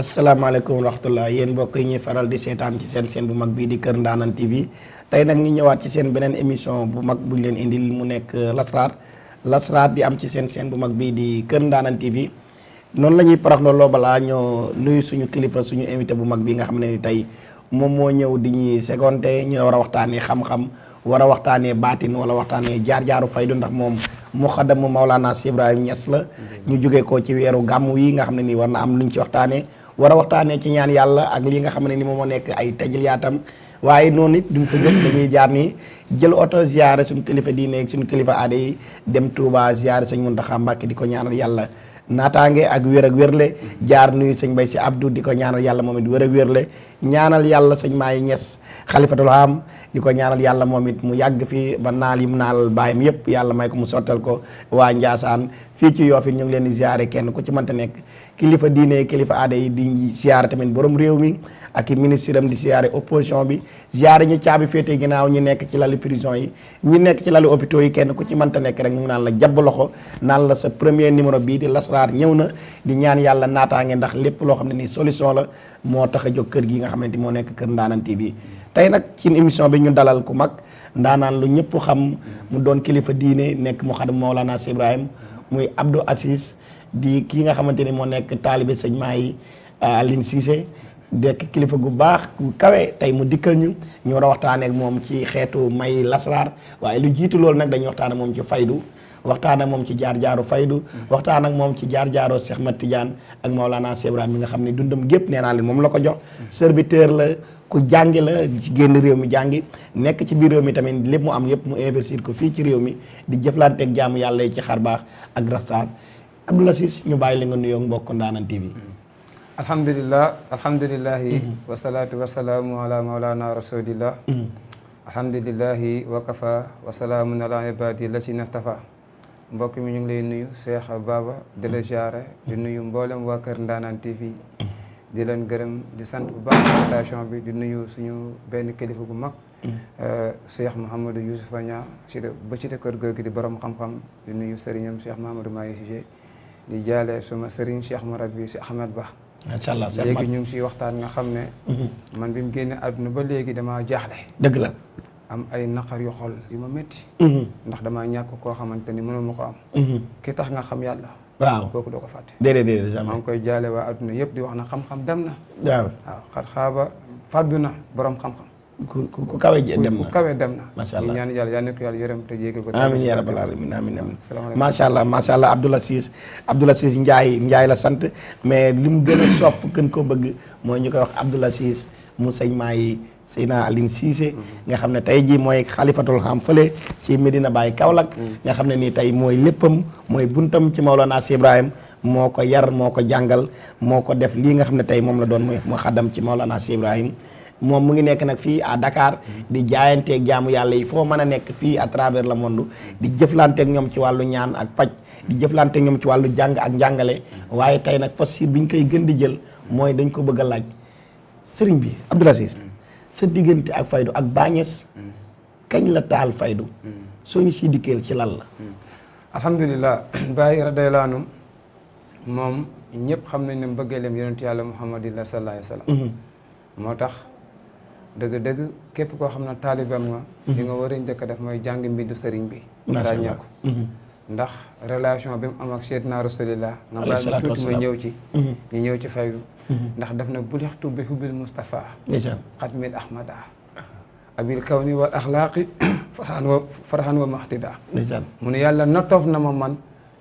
asalaamaaleykum wa rahmatulah yéen mbokk yi ñuy faral di seetaan ci seen seen bu mag bii di Kër Ndaanaan TV tey nag ñu ñëwaat ci seen beneen émission bu mag bu ñu leen indi mu nekk lasraar lasraar di am ci seen seen bu mag bii di Kër Ndaanaan TV noonu la ñuy parax balaa ñëw luy suñu kilifa suñu invité bu mag bi nga xam ne ni tey moom moo ñëw di ñuy seconté ñu war a waxtaanee xam-xam war a waxtaanee baatin wala waxtaanee jaar-jaaru faydu ndax moom muxaddamu Maulana Cheikh Ibrahim Niass la ñu jógee ko ci weeru gàmm yi nga xam ne nii war na am luñ ci waxtaanee war a waxtaanee ci ñaan yàlla ak li nga xam ne ni moom moo nekk ay tajliyaatam waaye noonu it duñ fa jóg dañuy jaar ni jël oto ziyaare suñ kilifa diine ak suñu kilifa aada yi dem Touba ziyaare sëñ Muntaxa Mbàkke di ko ñaanal yàlla naataange ak wér ak wérle jaar nuyu sëñ Bay si Abdou di ko ñaanal yàlla moom it wér ak wérle ñaanal yàlla sëñ Maay Ñas xalifatul am di ko ñaanal yàlla moom it mu yàgg fi ba naal yi mu naalal baayam yëpp yàlla may ko mu sottal ko waa Njaasaan fii ci Yoff ñu ngi leen di ziare kenn ku ci mënta nekk kilifa diine kilifa aada yi di ziare tamit boroom réew mi ak i ministre am di ziare opposition bi ziare ñi caabi féete ginnaaw ñi nekk ci lali prison yi ñi nekk ci lali hôpitaux yi kenn ku ci mënta nekk rek ñu ngi naan la jabb loxo naan la sa premier numéro bii di lasraar ñëw na di ñaan yàlla naataange ndax lépp loo xam ne nii solution la moo tax a kër gi nga xam ne nekk kër Ndaanaan TV tey nag ci émission bi ñu dalal ku mag ndaanaan lu ñëpp xam mu doon kilifa diine nekk mu xadam Mawlana Cheikh Ibrahim muy Abdou Aziz di kii nga xamante ni moo nekk taalibe sëñ Maay euh, Aline Cissé dekk kilifa gu baax gu kawe tey mu dikkal ñu ñoo da waxtaaneek moom ci xeetu may lasraar waaye lu jiitu loolu nag dañuy waxtaan ak moom ci faydu waxtaan ak moom ci jaar jaaru faydu waxtaan ak moom ci jaar jaaro Cheikh Mat Tidiane ak Maolana Cheikh mi nga xam ne dundam gépp nee moom la ko jox serviteur la ku jàngi la ci génn réew mi jàngi nekk ci biir réew mi tamit lépp mu am yëpp mu investir ko fii ci réew mi di jëflanteeg jaamu yàlla yi ci xar baax ak rastaar Abdou Aziz ñu bàyyi la nga nuyoo mbokk Ndanane TV alhamdulilah alhamdulilahi mm-hmm. wasalaatu wasalaamu ala maulana rasulillah mm-hmm. alhamdulilahi la si nastafa mbokk mi ñu ngi lay nuyu Cheikh Baba di la jaare mm. di mm. nuyu mboolem waa Kër Ndaanaan TV di leen gërëm di sant bu baax invitation bi di nuyu suñu benn kilifa bu mag. Mm. Euh, Cheikh Mouhamadou Youssoufa Niang ci ba ci kër googu di borom xam-xam di nuyu sëriñam Cheikh Mouhamadou Mahi Cissé di jaale suma sëriñ Cheikh Mourabi si Ahmed Ba. macha allah léegi ñu ngi siy waxtaan nga xam ne. Mm-hmm. man bi mu génne àdduna ba léegi dama jaaxle. dëgg la. am ay naqar yu xol yu ma métti mhm. ndax damaa ñàkk koo xamante ni mënuma ko am mhm. ki tax nga xam yàlla waaw kooku doo ko fàtte déedéet maa ngi koy jaale waa adduna yëpp di wax na xam-xam dem na waaw waaw xat xaaba na borom xam-xam ku ku kawe dem na ku kawe dem na macha allah ñaan yàlla yal na ko yàlla yërëm te yéegal ko amiin yaa rabbal alamin amiin amiin macha allah macha allah Abdoul Aziz Abdoul Aziz Ndiaye Ndiaye la sant mais li mu gën a sopp gën ko bëgg mooy ñu koy wax Abdoul Aziz mu sëñ maa yi Seydina Aline Cissé nga xam ne tey jii mooy xalifatul xam fële ci Medina Baye Kaolack nga xam ne nii tey mooy léppam mooy buntam ci Maolana naa Ibrahim moo ko yar moo ko jàngal moo ko def lii nga xam ne tey moom la doon muy mu xaddam ci Maolana Si Ibrahim moom mu ngi nekk nag fii à Dakar di jaayante jaamu yàlla yi foo mën a nekk fii à travers la monde di jëflanteeg ñoom ci wàllu ñaan ak faj di jëflanteeg ñoom ci wàllu jàng ak njàngale waaye tey nag bi biñ koy gën di jël mooy dañ ko bëgg a laaj sëriñ bi Abdoul Aziz sa diggante ak faydu ak baañes mm. kañ la taal faydu mm. sooñu si dikkeel ci lan la mm. alhamdulilah bàyyi radiyallaahu moom ñëpp xam nañ ne mbëggeelam yonent yàlla muhammadin yàlla alayhi wa sallam mm-hmm. moo tax dëgg-dëgg képp koo xam ne taalibam nga mm-hmm. li nga war njëkk a def mooy jàng mbindu sëriñ bi ràññee ko mm-hmm. ndax relation bi mu am ak seydina rasulillah nga baal tuuti ma ñëw ci ñu ñëw ci faydu Mm-hmm. ndax daf na bulixtu bi hubil Moustapha. xat mil Ahmada. abil kawni wal axlaaqi farxan wa farxan wa maxtida. mu ne yàlla nottoof na ma man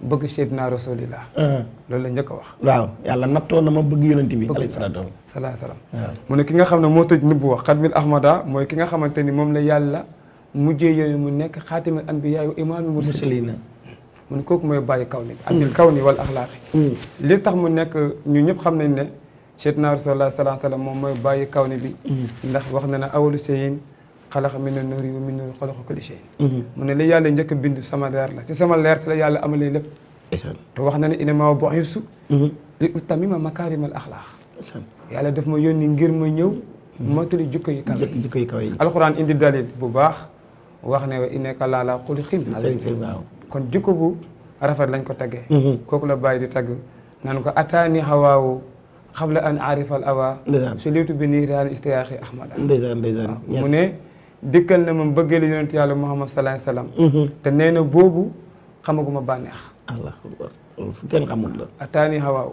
bëgg Seydina Rasulillah. Uh-huh. loolu la njëkk a wax. waaw yàlla nattoo na ma bëgg yonent bi. alayhi salaatu salaam. mu ne ki nga xam ne moo tëj nëbbu wax xat mil Ahmada mooy ki nga xamante ni moom la yàlla mujjee yéen mu nekk xaatimul anbiyaa wa imaamul mu ne kooku mooy bàyyi kaw ni mm-hmm. abil kawni wal axlaaqi. Mm-hmm. li tax mu nekk ñu ñëpp xam nañ ne. Seydina Rasulullah sallallahu alayhi wa moom mooy bàyyi kaw ni bi mhm. ndax wax na ne awalu shay'in xalaqa mina nuuri wa min nuuri xalaqa kulli shay'in mhm. mu ne li yàlla njëkk bind sama leer la ci sama leer la yàlla amalee lépp te wax na ne innamaa bu'istu mhm. li utammima makaarimal axlaaq yàlla def ma yónni ngir ma ñëw mottali jukko yu kawe jukko yu kawe yi alxuraan indi dalil bu baax wax ne innaka la'alaa xuluqin aziim kon jukko ko taggee kooku la bàyyi di tagg naan ko ataani hawaawu xabla an aarifa al awa su liitu bi niiraan istiyaaxi ahmada ndeysaan ndeysaan mu ne dikkal na ma bëggee la yonent yàlla muhammad salaay salaam mm-hmm. te nee na boobu xamaguma bànneex allah fu kenn xamul la ataani hawaaw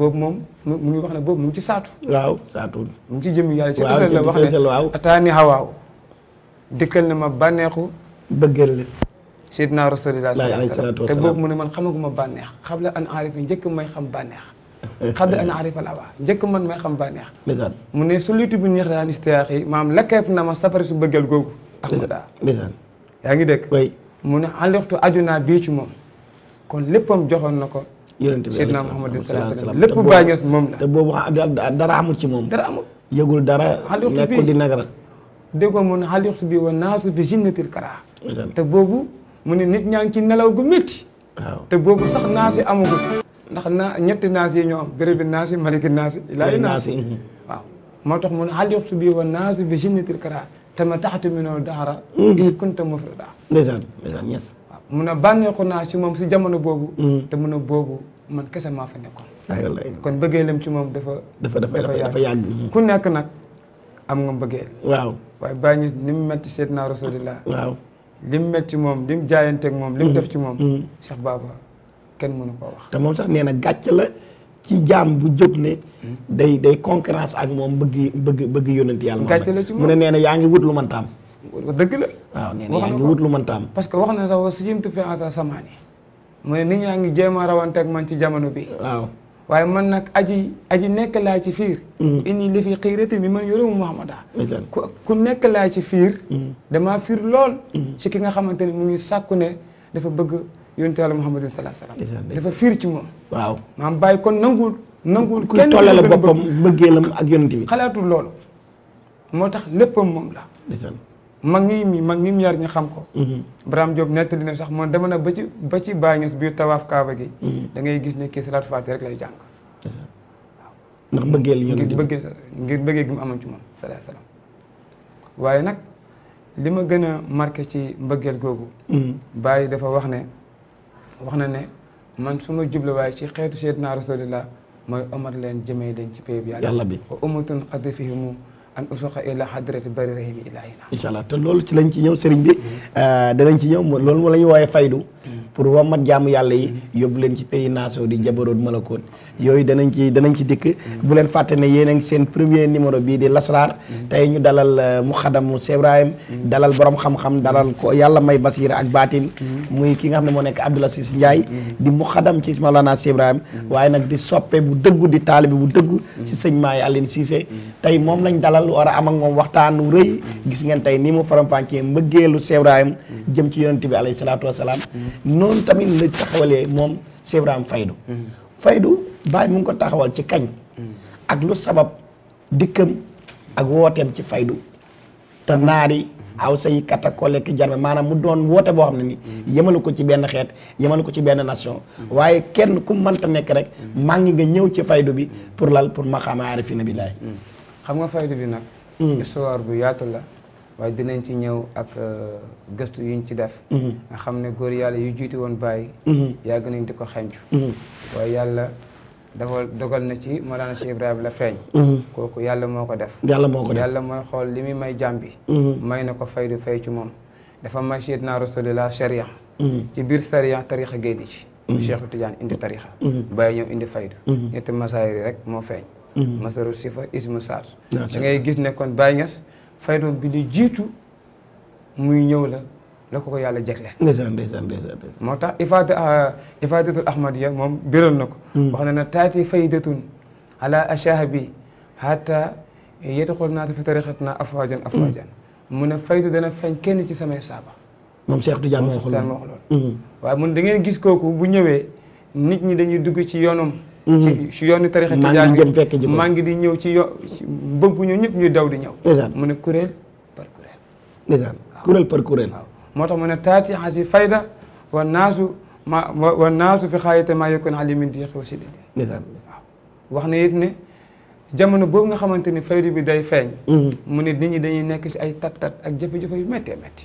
boobu moom mu ngi wax ne boobu mu ci saatu waaw saatu mu ngi ci jëmm yàlla ci asal la wax ne ataani hawaaw dikkal na ma bànneexu bëggeel la seydina rasulillah te boobu mu ne man xamaguma bànneex xabla an aarifa njëkk may xam bànneex xabi an arifa la waa njëkk man may xam bànneex mu ne su litu bu ñeex daan istiyaax yi maam lakkeef na ma safari su bëggal googu axmada yaa ngi dégg mu ne alixtu aju naa bii ci moom kon léppam joxoon na ko Seydina Muhammad sallallahu alayhi wa sallam lépp Baay Ñas moom la te boobu dara amul ci moom dara amul yëgul dara nekkul di nagara déggoo mu ne alixtu bi wa naasu bi jinnatil karaa te boobu mu nit ñaa ngi ci nelaw gu métti te boobu sax naa si amagul ndax na ñetti naas yi ñoo am bérébi naas yi maliki naas yi naas moo tax mun xal yoxtu bii wa naas bi jinnatil kara tama taxatu minoo daara hmm. is kunta mufrida ndeysaan ndeysaan ñes waaw mun a bànneexu naa si moom si jamono boobu hmm. te mun a boobu man kese maa fa nekkoon kon bëggee bëggeelam ci moom dafa dafa dafa yàgg ku nekk nag am nga mbëggeel waaw waaye bàyyi ñu ni mu mel ci Seydina Rasulillah waaw li mu mel moom li mu jaayanteeg moom li mu hmm. def ci moom Cheikh Baba kenn mënu koo wax. te moom sax nee na gàcc la ci jaam bu jóg ne. Hmm? day day concurrence ak moom bëgg bëgg bëgg yónnent yàlla. la moom mu ne nee na yaa ngi wut lu mën la. waaw nee na yaa parce que wax na sax su jëm tu fi asa samaani. mooy nit ñaa ngi jéem a rawanteeg man ci jamono bi. waaw waaye man nag aji aji nekk laa ci fiir. Hmm. inni li fi xiirati mi man yoromu Muhammada. ku ku nekk laa ci fiir. Hmm. damaa fiir lool. ci ki nga xamante ne mu ngi sàkku ne dafa bëgg. yonent Yàlla Muhammadin salaa salaam dafa fiir ci moom waaw maam bàyyi kon nanguwul nanguwul kenn tollale boppam bëggeelam ak yoon bi xalaatul loolu moo tax léppam moom la mag ñi mi mag ñi mu yar ñu xam ko mm-hmm. Braham Diop nettali na sax moom dama na ba ci ba ci Baay Ñas biir tawaaf kaaba gi mm-hmm. da ngay gis ne kii salaat faati rek lay jàng ndax bëggeel ngir bëggee ngir bëggee gi mu amoon ci moom salaa salaam waaye nag li ma gën a marqué ci mbëggeel googu mm-hmm. Baay dafa wax ne wax na ne man su ma jubluwaay ci xeetu Seydina Rasulillah mooy omar leen jëmee leen ci pay bi yàlla bi wa umatun qad an usuqa ila hadrati bari rahimi ilahina incha allah te loolu ci lañ ci ñëw sëriñ bi euh, danañ ci ñëw loolu moo la ñu wooyee faydu pour wammat jaamu yàlla yi yóbbu leen ci pays nation di jabaroot malakoon yooyu danañ ci danañ ci dikk bu leen fàtte ne yéen a ngi seen premier numéro bii di lasraar tey ñu dalal euh, muxadamu Sebrahim dalal boroom xam-xam dalal ko yàlla may basira ak baatin muy ki nga xam ne moo nekk Abdoul Aziz Ndiaye di muxadam ci Mawlana Sebrahim waaye nag di soppe bu dëggu di taalibe bu dëggu si sëñ Maay Aline Cissé tey moom lu war a am ak moom waxtaan wu rëy gis ngeen tey ni mu faram-fàccee mbëggeelu sebraayam jëm ci yonent bi alay salaatu wasalaam noonu tamit la taxawalee moom sebraayam faydu faydu baay mu ko taxawal ci kañ ak lu sabab dikkam ak wooteem ci faydu te naari aw say katakole ki jarme maanaam mu doon woote boo xam ne ni yemalu ko ci benn xeet yemalu ko ci benn nation waaye kenn ku mënta nekk rek maa ngi nga ñëw ci faydu bi pour lal pour ma xaama aarifina billaay xam nga faydu bi nag hmm. histoire bu yaatu la waaye dinañ ci ñëw ak euh, gëstu yuñ ci def hmm. nga xam ne góor yàlla yu jiitu woon bàyyi hmm. yàgg nañ di ko xencu waaye yàlla dafa dogal na ci Mawlana Cheikh Ibrahima la feeñ kooku yàlla moo ko def yàlla moo yàlla mooy xool li muy may jàmbi may na ko faydu fay ci moom dafa may Seydina Rasulullah sharia ci biir sharia tarixa génn ci Cheikh Tidiane indi tarixa bàyyi ñëw indi faydu ñetti masaayir rek moo feeñ Mm-hmm. masaru sifa ismu saat da gis ne kon Baye Niass faydoom bi li jiitu muy ñëw la la ko yàlla jagle ndeysaan ndeysaan moo tax ifaada ah, ifaadatul ahmadiya moom biral na ko mm. wax na ne taati faydatun ala ashaabi hatta yedexool naata fi tariqat naa afwajan afwajan mm. mu ne faydu dana feeñ kenn ci samay saaba moom Cheikh Tidiane moo wax loolu mm-hmm. waaye mun gis kooku bu ñëwee nit ñi dañuy dugg ci yoonam Mm-hmm. ci ci yoonu tarixa tijaan jëm fekk ji maa ngi di ñëw ci yo bëgg ñu ñëpp ñuy daw di ñëw ndeysaan mu ne kuréel par kuréel ndeysaan kuréel par kuréel waaw moo tax mu ne taati xasi fayda wa naasu ma wa naasu fi xaayate maa yokkoon xali min di xew si di ndeysaan waaw wax na it ne jamono boobu nga xamante ni fayda bi day feeñ mm-hmm. mu ne nit ñi dañuy nekk si ay tat tat ak jafe-jafe yu méttee métti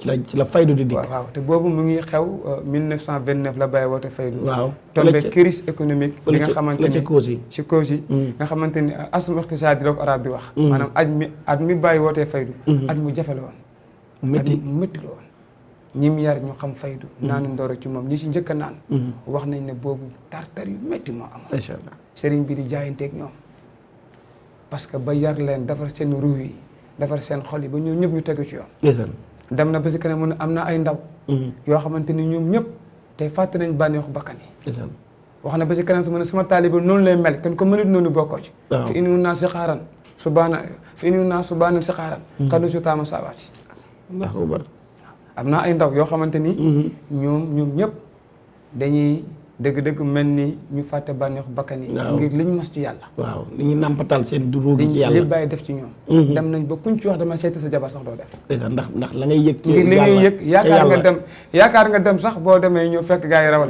ci la ci la faydu di dikk. waaw te boobu mu ngi xew 1929 euh, la bàyyi woote faydu. waaw tombe crise li mm. nga xamante ni ci cause euh, yi ci cause nga xamante ni asum iqtisaad di la ko arab di wax. Mm. maanaam at mi at mi bàyyi wootee faydu. Mm. at mu jafe la woon. métti mu métti la woon. ñi yar ñu xam faydu. naanu ndoro ci moom ñi ci njëkk a naan. wax nañ ne boobu tartar yu métti moo am. incha allah sëriñ bi di jaayanteeg ñoom. parce que ba yar leen defar seen ruuy yi defar seen xol yi ba ñoo ñëpp ñu tegu ci yoon. dem na ba si kanam mu am na ay ndaw. Mhm. yoo xamante ni ñoom ñëpp tey fàtte nañ bànneexu bakkan yi. wax na ba si kanam su ma ne sama taaliba noonu lay mel kenn ko mënut noonu bokkoo ci. fi indi naa si xaaran subaana fi indi naa subaana si xaaran. Mhm. xanu si taama saabaati. am na ay ndaw yoo xamante ni. Mhm. ñoom ñoom ñëpp dañuy. dëgg-dëgg mel ni ñu fàtte bànneexu bakkan yi ngir li mos ci yàlla waaw li ñu nàmpatal seen duróo gi ci yàlla li bàyyi def ci ñoom mm-hmm. dem nañ ba kuñ ci wax dama seeti sa jabar sax doo def ndax ndax la ngay yëg ci ngir li ngay yëg yaakaar nga dem yaakaar nga dem sax boo demee ñëw fekk gaa yi raw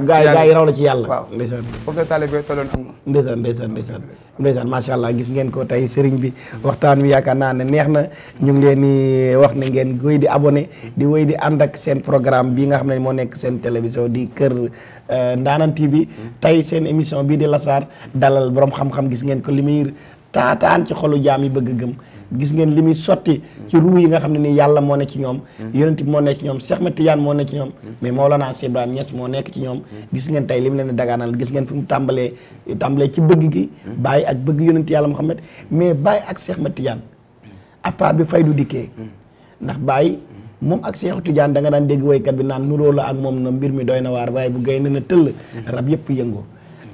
la ci yàlla waaw ndeysaan foofu la taalibe tolloon ak moom ndeysaan ndeysaan ndeysaan ndeysaan macha allah gis ngeen ko tey sëriñ bi waxtaan bi yaakaar naa ne neex na ñu ngi leen di wax ne ngeen wéy di abone di wéy di ànd ak seen programme bi nga xam ne moo nekk seen télévision di kër euh, Ndaanaan TV hmm. tey seen émission bii di Lassar dalal borom xam-xam gis ngeen ko li muy taataan ci xolu jaam yi bëgg gëm gis ngeen li muy sotti ci ruu yi nga xam ne ni yàlla moo ne ci ñoom yonent bi moo nekk ci ñoom Cheikh Ahmed moo ne ci ñoom mais Mawlana Cheikh Ibrahima Niass moo nekk ci ñoom gis ngeen tey li mu leen di dagaanal gis ngeen fi mu tàmbalee tàmbalee ci bëgg gi bàyyi ak bëgg yonent yàlla Muhammad mais bàyyi ak seex Ahmed Tidiane appart bi fay du dikkee ndax bàyyi moom ak Seexu Tijaan danga nga daan dégg woykat bi naan nuróo la ak moom na mbir mi doy na waar waaye bu gay na na tëll rab yëpp yëngoo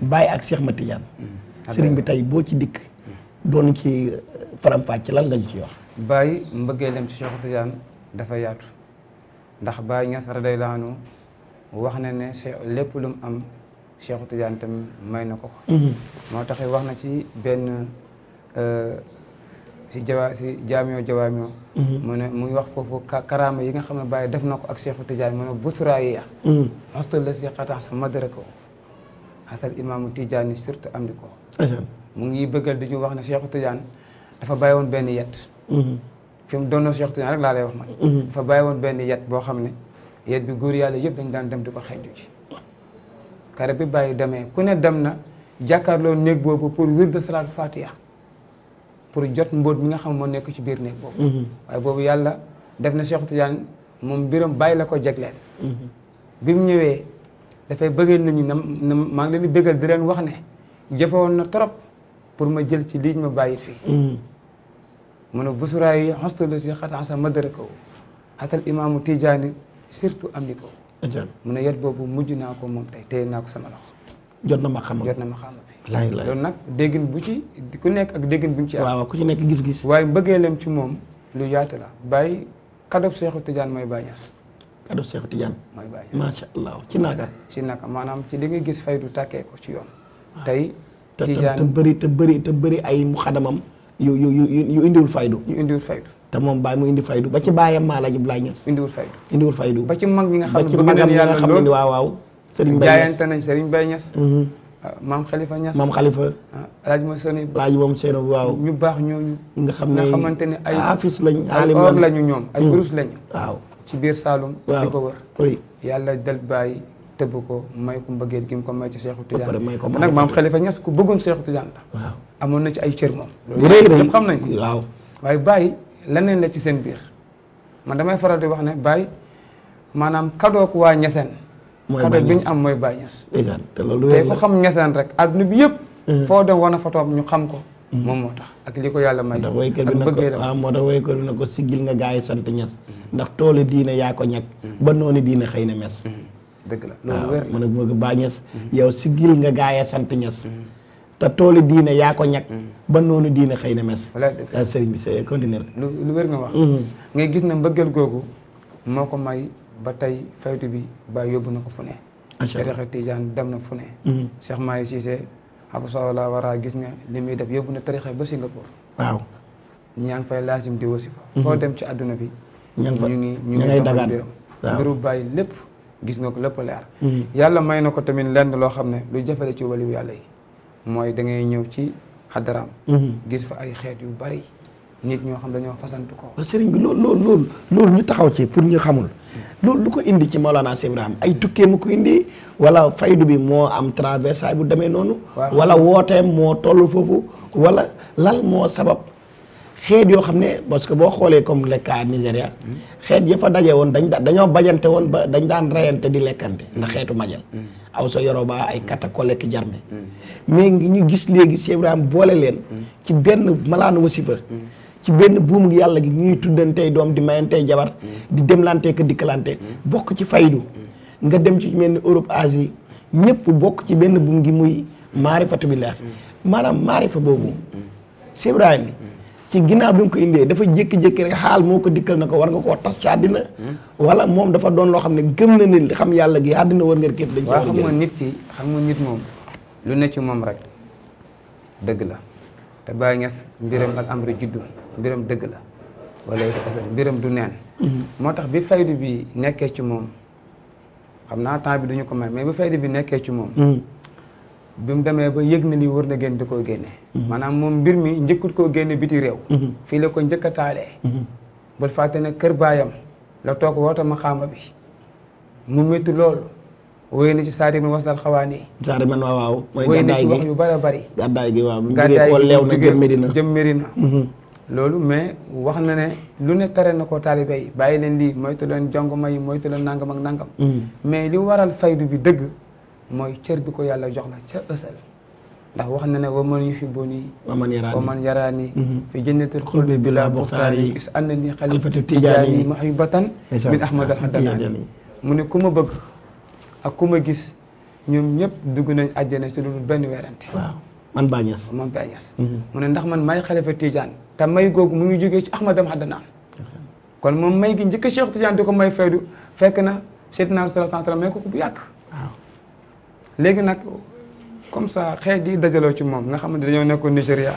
bàyyi ak Seex ma tey boo ci dikk doon ci faram-fàcc lan nga ñu ci wax. Baye mbëggeelam ci Cheikh Tidiane dafa yaatu ndax Baye Niass radiyallaahu anhu wax na ne Cheikh lépp lum am Cheikh Tidiane tam may na ko ko. Mhm. moo tax wax na ci benn si euh, jawa si jaamiyoo jawaamiyoo. Mhm. mu ne muy wax foofu karaama yi nga xam ne Baye def na ko ak Cheikh Tidiane mu ne busuraaya. xastal mhm. la si xataa sa madara ko imaamu Tidiane surtout am di ko. mu ngi bëggal di ñu wax ne Cheikh Tidiane dafa bàyyi woon benn yet. Mhm. fi doon na Cheikh Tidiane rek laa lay wax man. Mhm. dafa bàyyi woon benn yet boo xam ne yet bi góor yàlla yëpp dañ daan dem di ko xeeñju ci. kare bi bàyyi demee ku ne dem na jàkkaarloo néeg boobu pour wir de salaat fatiha pour jot mbóot mi nga xam moo nekk ci biir néeg boobu. Mhm. waaye boobu yàlla def na Cheikh Tidiane moom mbiram bàyyi la ko jagleel. bi mu ñëwee dafay bëggal nañu na maa ngi bëggal di wax ne jëfewoon na trop. pour ma jël ci liñ ma bàyyi fii mm. mu ne busuraay yi xostalo si xataan sa madara kaw xatal imaamu tijaani surtout am ni kaw mu ne yet boobu mujj naa ko moom tey naa ko sama loxo jot na ma xam jot na ma xam bi loolu nag déggin bu ci ku nekk ak déggin bu ci am ku ci nekk gis-gis waaye mbëggeelam ci moom lu yaatu la bàyyi kadob seexu tijaan mooy Baay Ñas kadob seexu mooy Baay allah ci naka ci naka maanaam ci li ngay gis faydu tàkkee ko ci yoon ah. tey te te bëri te bëri te bëri ay mu xadamam yu yu indiwul faydu yu indiwul faydu te moom baay mu indi faydu ba ci baayam maa la jib laay ñes indiwul faydu indiwul faydu ba ci mag nga xam ne bëgg nañ yàlla lool ni waaw waaw sëriñ Baye jaayante nañ sëriñ Baye ñes maam Khalifa Niass maam Khalifa. laaj ma laaj moom seen waaw ñu baax ñooñu. nga xam ne nga xamante ne ay afis lañ. ay or lañu ñoom ay mhm. urus lañu. waaw ci biir Saalum. waaw di ko wër. yàlla te tëbb ko may ko mbëggeel gi mu ko may ci Seexu Tijaan nag maam Xalifa Ñas ku bëggoon Seexu Tijaan la amoon na ci ay cër moom loolu yëpp xam nañ ko waaye Baye leneen la ci seen biir man damay faral di wax ne Baye maanaam kadook waa ñeseen kadoo bi ñu am mooy Baye Ñas te ku xam ñeseen rek adduna bi yëpp mm-hmm. foo dem wan a fotoom ñu xam ko mm-hmm. moom moo tax ak li ko yàlla may ndax waykat ah, bi na moo tax waykat bi ko siggil nga gars sant ñes mm-hmm. ndax toolu diine yaa ko ñag ba noonu diine xëy na mes dëgg la loolu wér mu ne ma baa ñes yow sigil nga gaaya sant ñes mm. te toolu diine yaa ko ñag mm. ba noonu diine xëy na mes a ah, sëriñ bi c'est lu wér nga wax mm-hmm. ngay gis na mbëggeel googu moo ko may ba tey faytu bi ba yóbbu na ko fu ne tarixa dem na fu ne mm-hmm. Cheikh Mahi Cissé absala wara gis nga li muy def yóbbu na tarixa ba Singapour waaw ñaa ngi fay laasim di wasifa mm-hmm. foo dem ci àdduna bi ñu ngi ñu ngi dagaan mbiru bàyyi lépp gis nga ko lépp leer. Mhm. yàlla may na ko tamit lenn loo xam ne lu jafe ci waliw yàlla yi mooy dangay ñëw ci xadaraam. Mhm. gis fa ay xeet yu bari nit ñoo xam dañoo fasantu ko. sëriñ bi loolu loolu loolu ñu taxaw ci pour ñu xamul loolu lu ko indi ci Maolana Cheikh Ibrahim ay tukkee mu ko indi wala faydu bi moo am traversé bu demee noonu. wala wooteem moo toll foofu walla lal moo sabab. xeet yoo xam ne parce que boo xoolee comme le cas Nigéria xeet ya fa daje woon dañ dañoo bajante woon ba dañ daan reyante di lekkante ndax xeetu majal mm. aw sa Yoruba ay katakole mm. ki jarme mm. mais ngi ñu gis léegi Cheikh Ibrahima boole leen ci benn malaan wasifa ci benn buum yàlla gi ñuy tuddantey doom di mayantey jabar di demlante ka dikkalante bokk ci faydu nga dem ci mel ni Europe Asie ñëpp bokk ci benn buum gi muy maarifatu billah maanaam maarifa boobu Cheikh Ibrahima ci ginnaaw bi mu ko indee dafa jékki-jékki rek xaal moo ko dikkal na ko war nga koo tas ci àddina wala moom dafa doon loo xam ne gëm na ne xam yàlla gi àddina war nga képp dañ ci war a xam nga nit ki xam nga nit moom lu ne ci moom rek dëgg la te nges mbiram ak amri juddu mbiram dëgg la wala sa asal mbiram du neen mhm. moo tax bi faydu bi nekkee ci moom xam naa temps bi duñu ko may mais bi faydu bi nekkee ci moom mhm. bi mu demee ba yëg na ni war na génn di koo génne maanaa moom mbir mi njëkkut koo génne biti réew mhm. fii la ko njëkk a taalee mhm. bul fàtte na kër baayam la toog woote ma xaama bi mu métti loolu wéy na ci saari man wasal xawaan yi saari man waaw waaw mooy wéy na ci wax yu bëri bëri gàddaay gi waaw gàddaay gi leew na jëm Medina jëm mhm. loolu mais wax na ne lu ne tere na ko taalibe yi bàyyi leen lii moytu leen jong ma yi moytu leen nangam ak nangam mais li waral faydu bi dëgg mooy cër bi ko yàlla jox la ca ësal ndax wax na ne wa man yuhibbuni wa man yaraani mhm. fi jannatil xuldi bila buxtaani is anna ni xalifatu tijaani muhibbatan min ahmad alxadanaani mu ne ku ma bëgg ku ma gis ñoom ñëpp dugg nañ àjjana ci benn werante waaw man bañes man mhm. mu ne ndax man may xalifa tijaan te may googu mu ngi jógee ci ahmadam xaddanaan kon moom may gi njëkk Cheikh Tidiane di ko may faydu fekk na seydina sallallahu alayhi wa sallam may ko ko bu léegi nag comme ça xeet yi dajaloo ci moom nga xamante dañoo nekkoon Nigéria.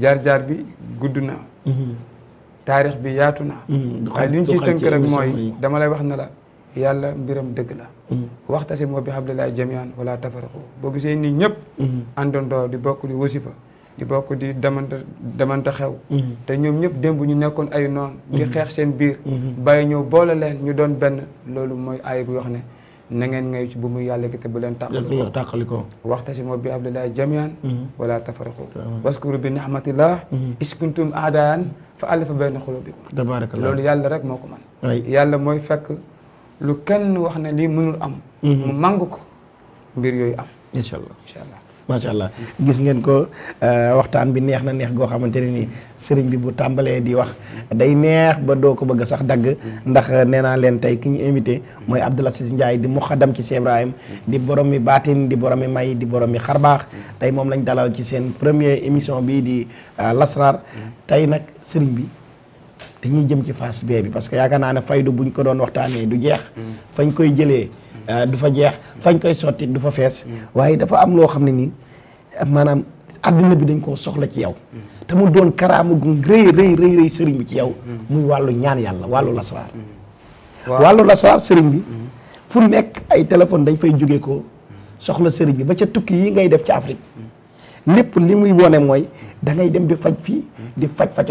jaar-jaar bi gudd na. taarix bi yaatu na. Mm-hmm. waaye li ñu ciy tënk mooy dama lay wax ne la yàlla mbiram dëgg la. Mm-hmm. si moo bi xam hablillahi jamian wala tafaraqu boo gisee nii ñëpp. Mm-hmm. àndandoo di bokk di wasifa di bokk di demante demante xew. te ñoom ñëpp démb ñu nekkoon ay noon di xeex seen biir. bàyyi ñëw boole leen ñu doon benn loolu mooy aay bu wax ne. na ngeen ngayu ci bu muy yàlla ki te bu leen tàqali ko waxtasimu bi hablillahi jamian mhm. wala tafarraqu waskuru bi nihmatillah mhm. iskuntum aadaan fa allafa bayna qulubikum tabarakallah loolu yàlla rek moo ko mën yàlla mooy fekk lu kenn wax ne lii mënul am mhm. mu màng mbir yooyu am incha allah incha macha allah gis ngeen ko euh, waxtaan bi neex na neex goo xamante ne nii sëriñ bi bu tàmbalee di wax day neex ba doo ko bëgg sax dagg ndax euh, nee naa leen tey ki ñu invité mooy Abdoul Aziz Ndiaye di muxadam ci Cheikh Ibrahim di borom mi baatin di borom mi may di borom mi xarbaax tey moom lañ dalal ci seen première émission bii di euh, lasrar tey nag sëriñ bi dañuy jëm ci phase B bi parce que yaakaar naa ne faydu buñ ko doon waxtaanee du jeex mm. fañ koy jëlee Euh, du fa jeex fañ koy sotti du fa fees mm. waaye dafa am loo xam ne nii maanaam àddina bi dañ koo soxla ci yow mm. te mu doon karaama gu rëy rëy rëy sëriñ bi ci yow mm. muy wàllu ñaan yàlla wàllu lasaraar wàllu lasaraar sëriñ bi fu nekk ay téléphone dañ fay jóge ko soxla sëriñ bi ba ca tukki yi ngay def ci Afrique lépp li muy wone mooy da ngay dem di faj fii di faj fa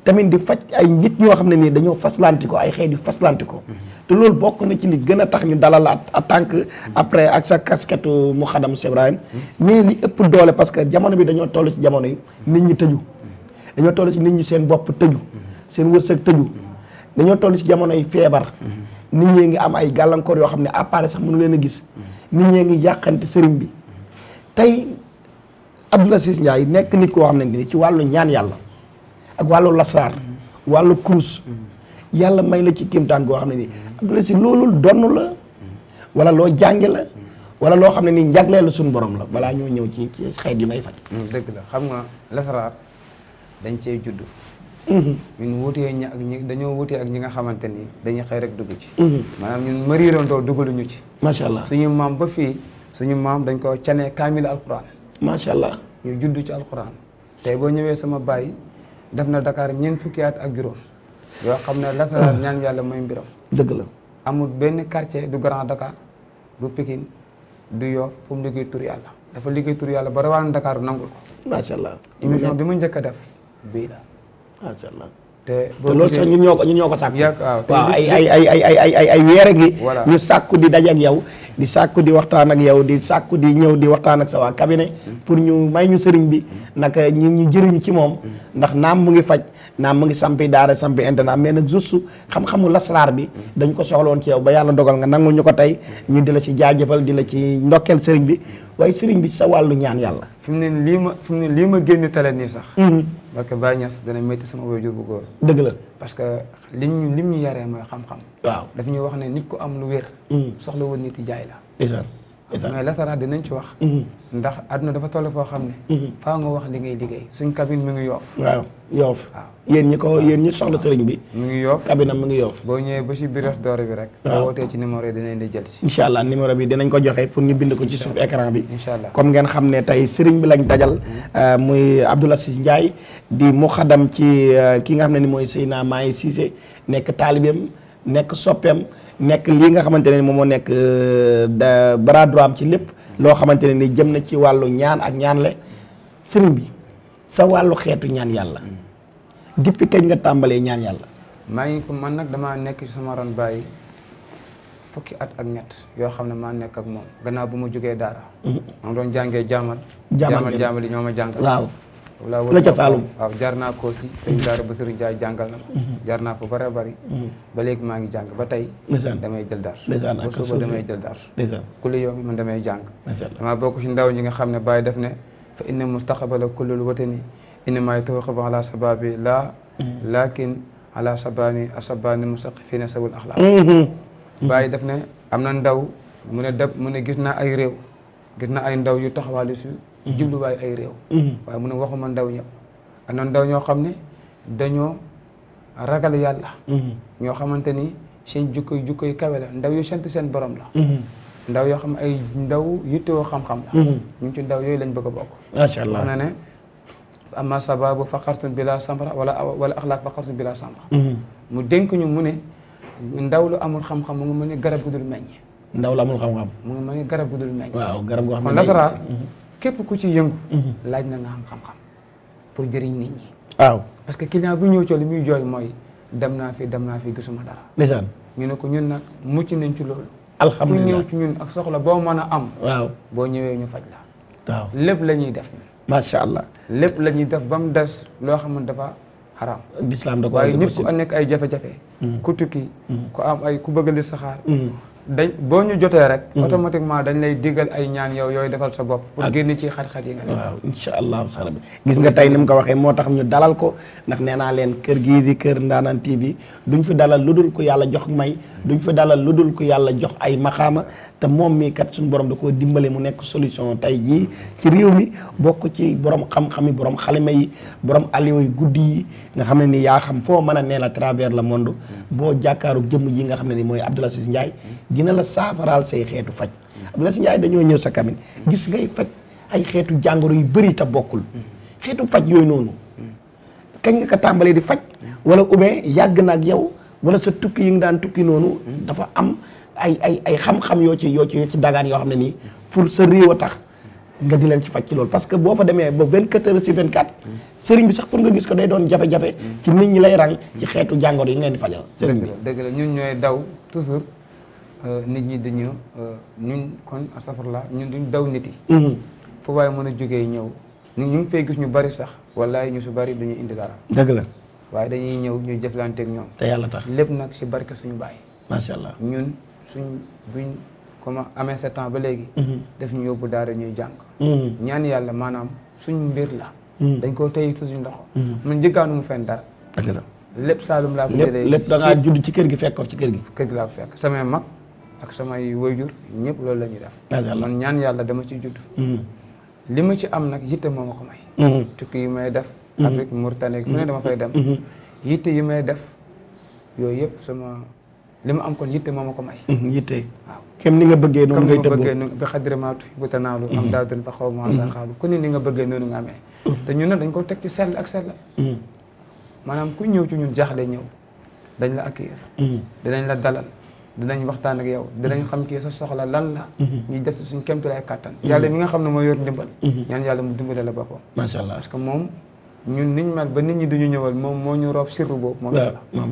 tamit di faj ay nit ñoo xam ne nii dañoo faslanti ko ay xeet yu faslanti ko mm-hmm. te loolu bokk na ci li gën a tax ñu dalalaat en tant que mm-hmm. après ak sa kasketu mu xadam Cheikh Ibrahim mm-hmm. mais li ëpp doole parce que jamono bi dañoo toll ci jamono yi nit ñi tëju dañoo toll ci nit ñi seen bopp tëju seen wërsëg tëju dañoo toll ci jamono yi feebar nit ñee ngi am ay gàllankoor yoo xam ne appareil sax mënu leen a gis nit ñee ngi yàqante sëriñ bi tey Abdoul Aziz Ndiaye nekk nit koo xam ne ni ci wàllu ñaan yàlla ak wàllu lasaar wàllu kurus yàlla may la ci kéemtaan goo xam ne nii Abdoulaye Sy loolu donn la wala loo jànge la wala loo xam ne nii njagleelu suñu borom la balaa ñoo ñëw ci ci xeet yi may faj mm, dëgg la xam nga lasaraar dañ cee judd mm-hmm. ñun wutee ñi ak ñi dañoo wutee ak ñi nga xamante ni dañuy xëy rek dugg ci mm-hmm. maanaam ñun mariirantoo duggaluñu ci macha allah suñu maam ba fii suñu maam dañ koo canee kaamil alquran macha allah ñu juddu ci alquran tey boo ñëwee sama baay def na Dakar ñeent fukki ak juróom yoo xam na lasaraar ñaan yàlla mooy mbiram. dëgg la amul benn quartier du Grand Dakar du Pikine du Yoff fu mu liggéey tur yàlla dafa liggéey tur yàlla ba rawatina Dakar nangul ko. macha allah émission bi mu njëkk a def bii la. te loolu sax ñun ñoo ko ñun ñoo ko sàkk. waaw ay ay ay ay ay ay ay weer a ngi. ñu sàkku di daje ak yow. di sàkku di waxtaan ak yow di sàkku di ñëw di waxtaan ak sawaa kabine pour ñu may ñu sëriñ bi naka ñi ñu jëriñu ci moom ndax naam mu ngi faj naam mu ngi sampi daara sampi internat mais nag juste xam-xamu lasraar bi dañ ko soxla ci yow ba yàlla dogal nga nangul ñu ko tey ñu di la ci jaajëfal di la ci ndokkeel sëriñ bi waaye sëriñ bi sa wàllu ñaan yàlla. fi mu ne lii ma fi mu ne lii ma génn tale nii sax. parce mm-hmm. que Baye Niass dana métti sama waajur bu góor. dëgg la parce que liñ ñu lim ñu yaree mooy xam-xam. waaw daf ñu wax ne nit ko am lu wér. Mm-hmm. soxla woon nit yi jaay la. mais lasaraar dinañ ci wax mhm. ndax àdduna dafa toll foo xam ne mhm. faa nga wax li ngay liggéey suñ cabine mi ngi yoof waaw yoof waaw yéen ñi ko yéen ñi soxla sëriñ bi mu ngi yoof cabine am mi ngi yoof boo ñëwee ba si bureau d'or bi rek boo wootee ci numéro yi dinañ si incha allah numéro bi dinañ ko joxe pour ñu bind ko ci suuf écran bi incha allah comme ngeen xam ne tey sëriñ bi lañ dajal mhm. euh, muy Abdoul Aziz Ndiaye di muxadam ci euh, ki nga xam ne ni mooy Seyna Maay Cissé nekk taalibeem nekk soppeem nekk lii nga xamante ne moom moo nekk euh, bras droit am ci lépp loo xamante ne ni jëm na ci wàllu ñaan ak ñaan le sëriñ bi sa wàllu xeetu ñaan yàlla mm. depuis kañ nga tàmbalee ñaan yàlla maa ngi ko man nag damaa nekk ci sama ron bàyyi fukki at ak ñett yoo xam ne maa nekk ak moom gannaaw bu ma jógee daara mm-hmm. ma doon jàngee jaamal jaamal jaamal yi ñoo ma jàngal waaw la ca Saalum waaw jaar naa ko si sëñ Daara Bassirou Ndiaye jàngal na mhm. jaar naa fa bare bari mhm. ba léegi maa ngi jàng ba tey damay jël daar ba suba damay jël daar kulli yow man damay jàng damaa bokk si ndaw ñi nga xam ne Baye def ne fa inna mustaqbala kullul watani innama yatawaqqafu ala a la mhm. lakin ala sabani asabani musaqifina sawul axlaq Baye def ne am na ndaw mu ne dab mu ne gis naa ay réew gis na ay ndaw yu taxawaale jubluwaay ay réew mm-hmm. waaye mu ne waxuma ndaw ñëpp am ndaw ñoo xam ne dañoo ragal yàlla mm-hmm. ñoo xamante ni seen jukko jukko yu kawe la ndaw yu sant seen borom la mm-hmm. ndaw yoo xam ay ndaw yittewoo xam-xam la ñun ci ndaw yooyu lañ bëgg a bokk macha allah na ne amma sababu faqartun bila samra wala wala axlaaq faqartun bila samra mu dénk ñu mu ne ndaw lu amul xam-xam mu ngi mel ni garab gu dul ndaw lu amul xam-xam mu ngi mel ni garab gu dul meññ waaw garab goo xam ne kon képp ku ci yëngu. Mhm. laaj na nga xam xam pour jëriñ nit ñi. parce que client bu ñëw ci li muy jooy mooy dem naa fi dem naa fi gisuma dara. ndeysaan ñu ne ko ñun nag mucc nañ ci loolu. alhamdulilah ku ñëw ci ñun ak soxla boo mën a am. boo ñëwee ñu faj la. waaw lépp la ñuy def. macha allah lépp la ñuy def ba mu des loo xam dafa xaraam. lislaam da ko waaye nit ku nekk ay jafe-jafe. Mhm. ku tukki mhm. ku am ay ku bëgg li saxaar. dañ boo ñu jotee rek. Mhm. automatiquement dañ lay diggal ay ñaan yow yooyu defal sa bopp. pour génn ci xat-xat yi nga ne. waaw incha allahu rabbi gis nga tey ni mu ko waxee moo tax ñu dalal ko ndax nee naa leen kër gii di kër Ndanane TV. duñ fi dalal lu dul ko yàlla jox may duñ fi dalal lu dul ko yàlla jox ay maxaama te moom mii kat suñu borom da koo dimbalee mu nekk solution tey jii ci réew mi bokk ci borom xam-xami borom xalima yi borom alio yi guddi yi nga xam ne ni yaa xam foo mën a nee à travers le monde boo jàkkaaru jëmm ji nga xam ne ni mooy Abdou Aziz Ndiaye dina la saafaraal say xeetu faj Abdou Aziz Ndiaye dañoo ñëw sa kamit gis ngay faj ay xeetu jàngoro yu bëri te bokkul kañ nga ko tàmbalee di faj wala oubien yàgg na ak yow wala sa tukki yi nga daan tukki noonu dafa am ay ay ay xam-xam yoo ci yoo ci yoo yoo xam ne nii pour sa réew a tax nga di leen ci faj ci loolu parce que boo fa demee ba 24 heures sur 24 sëriñ bi sax pour nga gis ko day doon jafe-jafe ci nit ñi lay rang ci xeetu jàngoor yi ngeen di fajal sëriñ bi dëgg la ñun ñooy daw toujours euh, nit ñi dañu euh, ñun kon astafurlah ñun duñ daw nit yi mm-hmm. fu waaye mën a jógee ñëw ñu ngi fay gis ñu bari sax wallaay ñu su bari du ñu indi dara. dëgg la. waaye dañuy ñëw ñuy jëflanteeg ñoom. te yàlla tax lépp nag si barke suñu baay. macha allah ñun suñ buñ comme amee sept ans ba léegi. Mhm. def ñu yóbbu daara ñuy jàng. Mhm. ñaan yàlla maanaam suñ mbir la. Mhm. dañ koo téye suñu loxo. man jëkkaanu mu fenn dara. dëgg lépp Saalum laa ko. lépp lépp da ngaa ci kër gi fekk ci kër gi. kër laa fekk samay mag ak samay jur ñëpp loolu la ñuy def. man ñaan yàlla dama ci judd. li ma ci am nag yitte moo ma ko may. Mhm. tukki yi may def. Mhm. Afrique Mauritanie mu ne dama fay dem. Mhm. yitte yi may def yooyu yëpp sama li ma am kon yitte moo ma ko may. yitte waaw. comme ni nga bëggee noonu ngay tëbboo comme ni nga bëggee bi xadiramaatu bu tanaalu am daaw dañ fa xaw ma saaxaalu ku ni nga bëggee amee. te ñun na dañ koo teg ci sell ak sell. maanaam ku ñëw ci ñun jaaxle ñëw dañ la accueillir. dinañ la dalal. dinañ waxtaan ak yow dinañ xam kii sa soxla lan la ñuy mhm. def suñ kemtulaay kàttan mhm. yàlla ni nga xam ne mooy yor ndimbal mhm. ñaan yàlla mu dimbale la boppam macha allah parce moom ñun niñ mel ba nit ñi duñu ñëwal moom moo ñu roof sirru boobu moom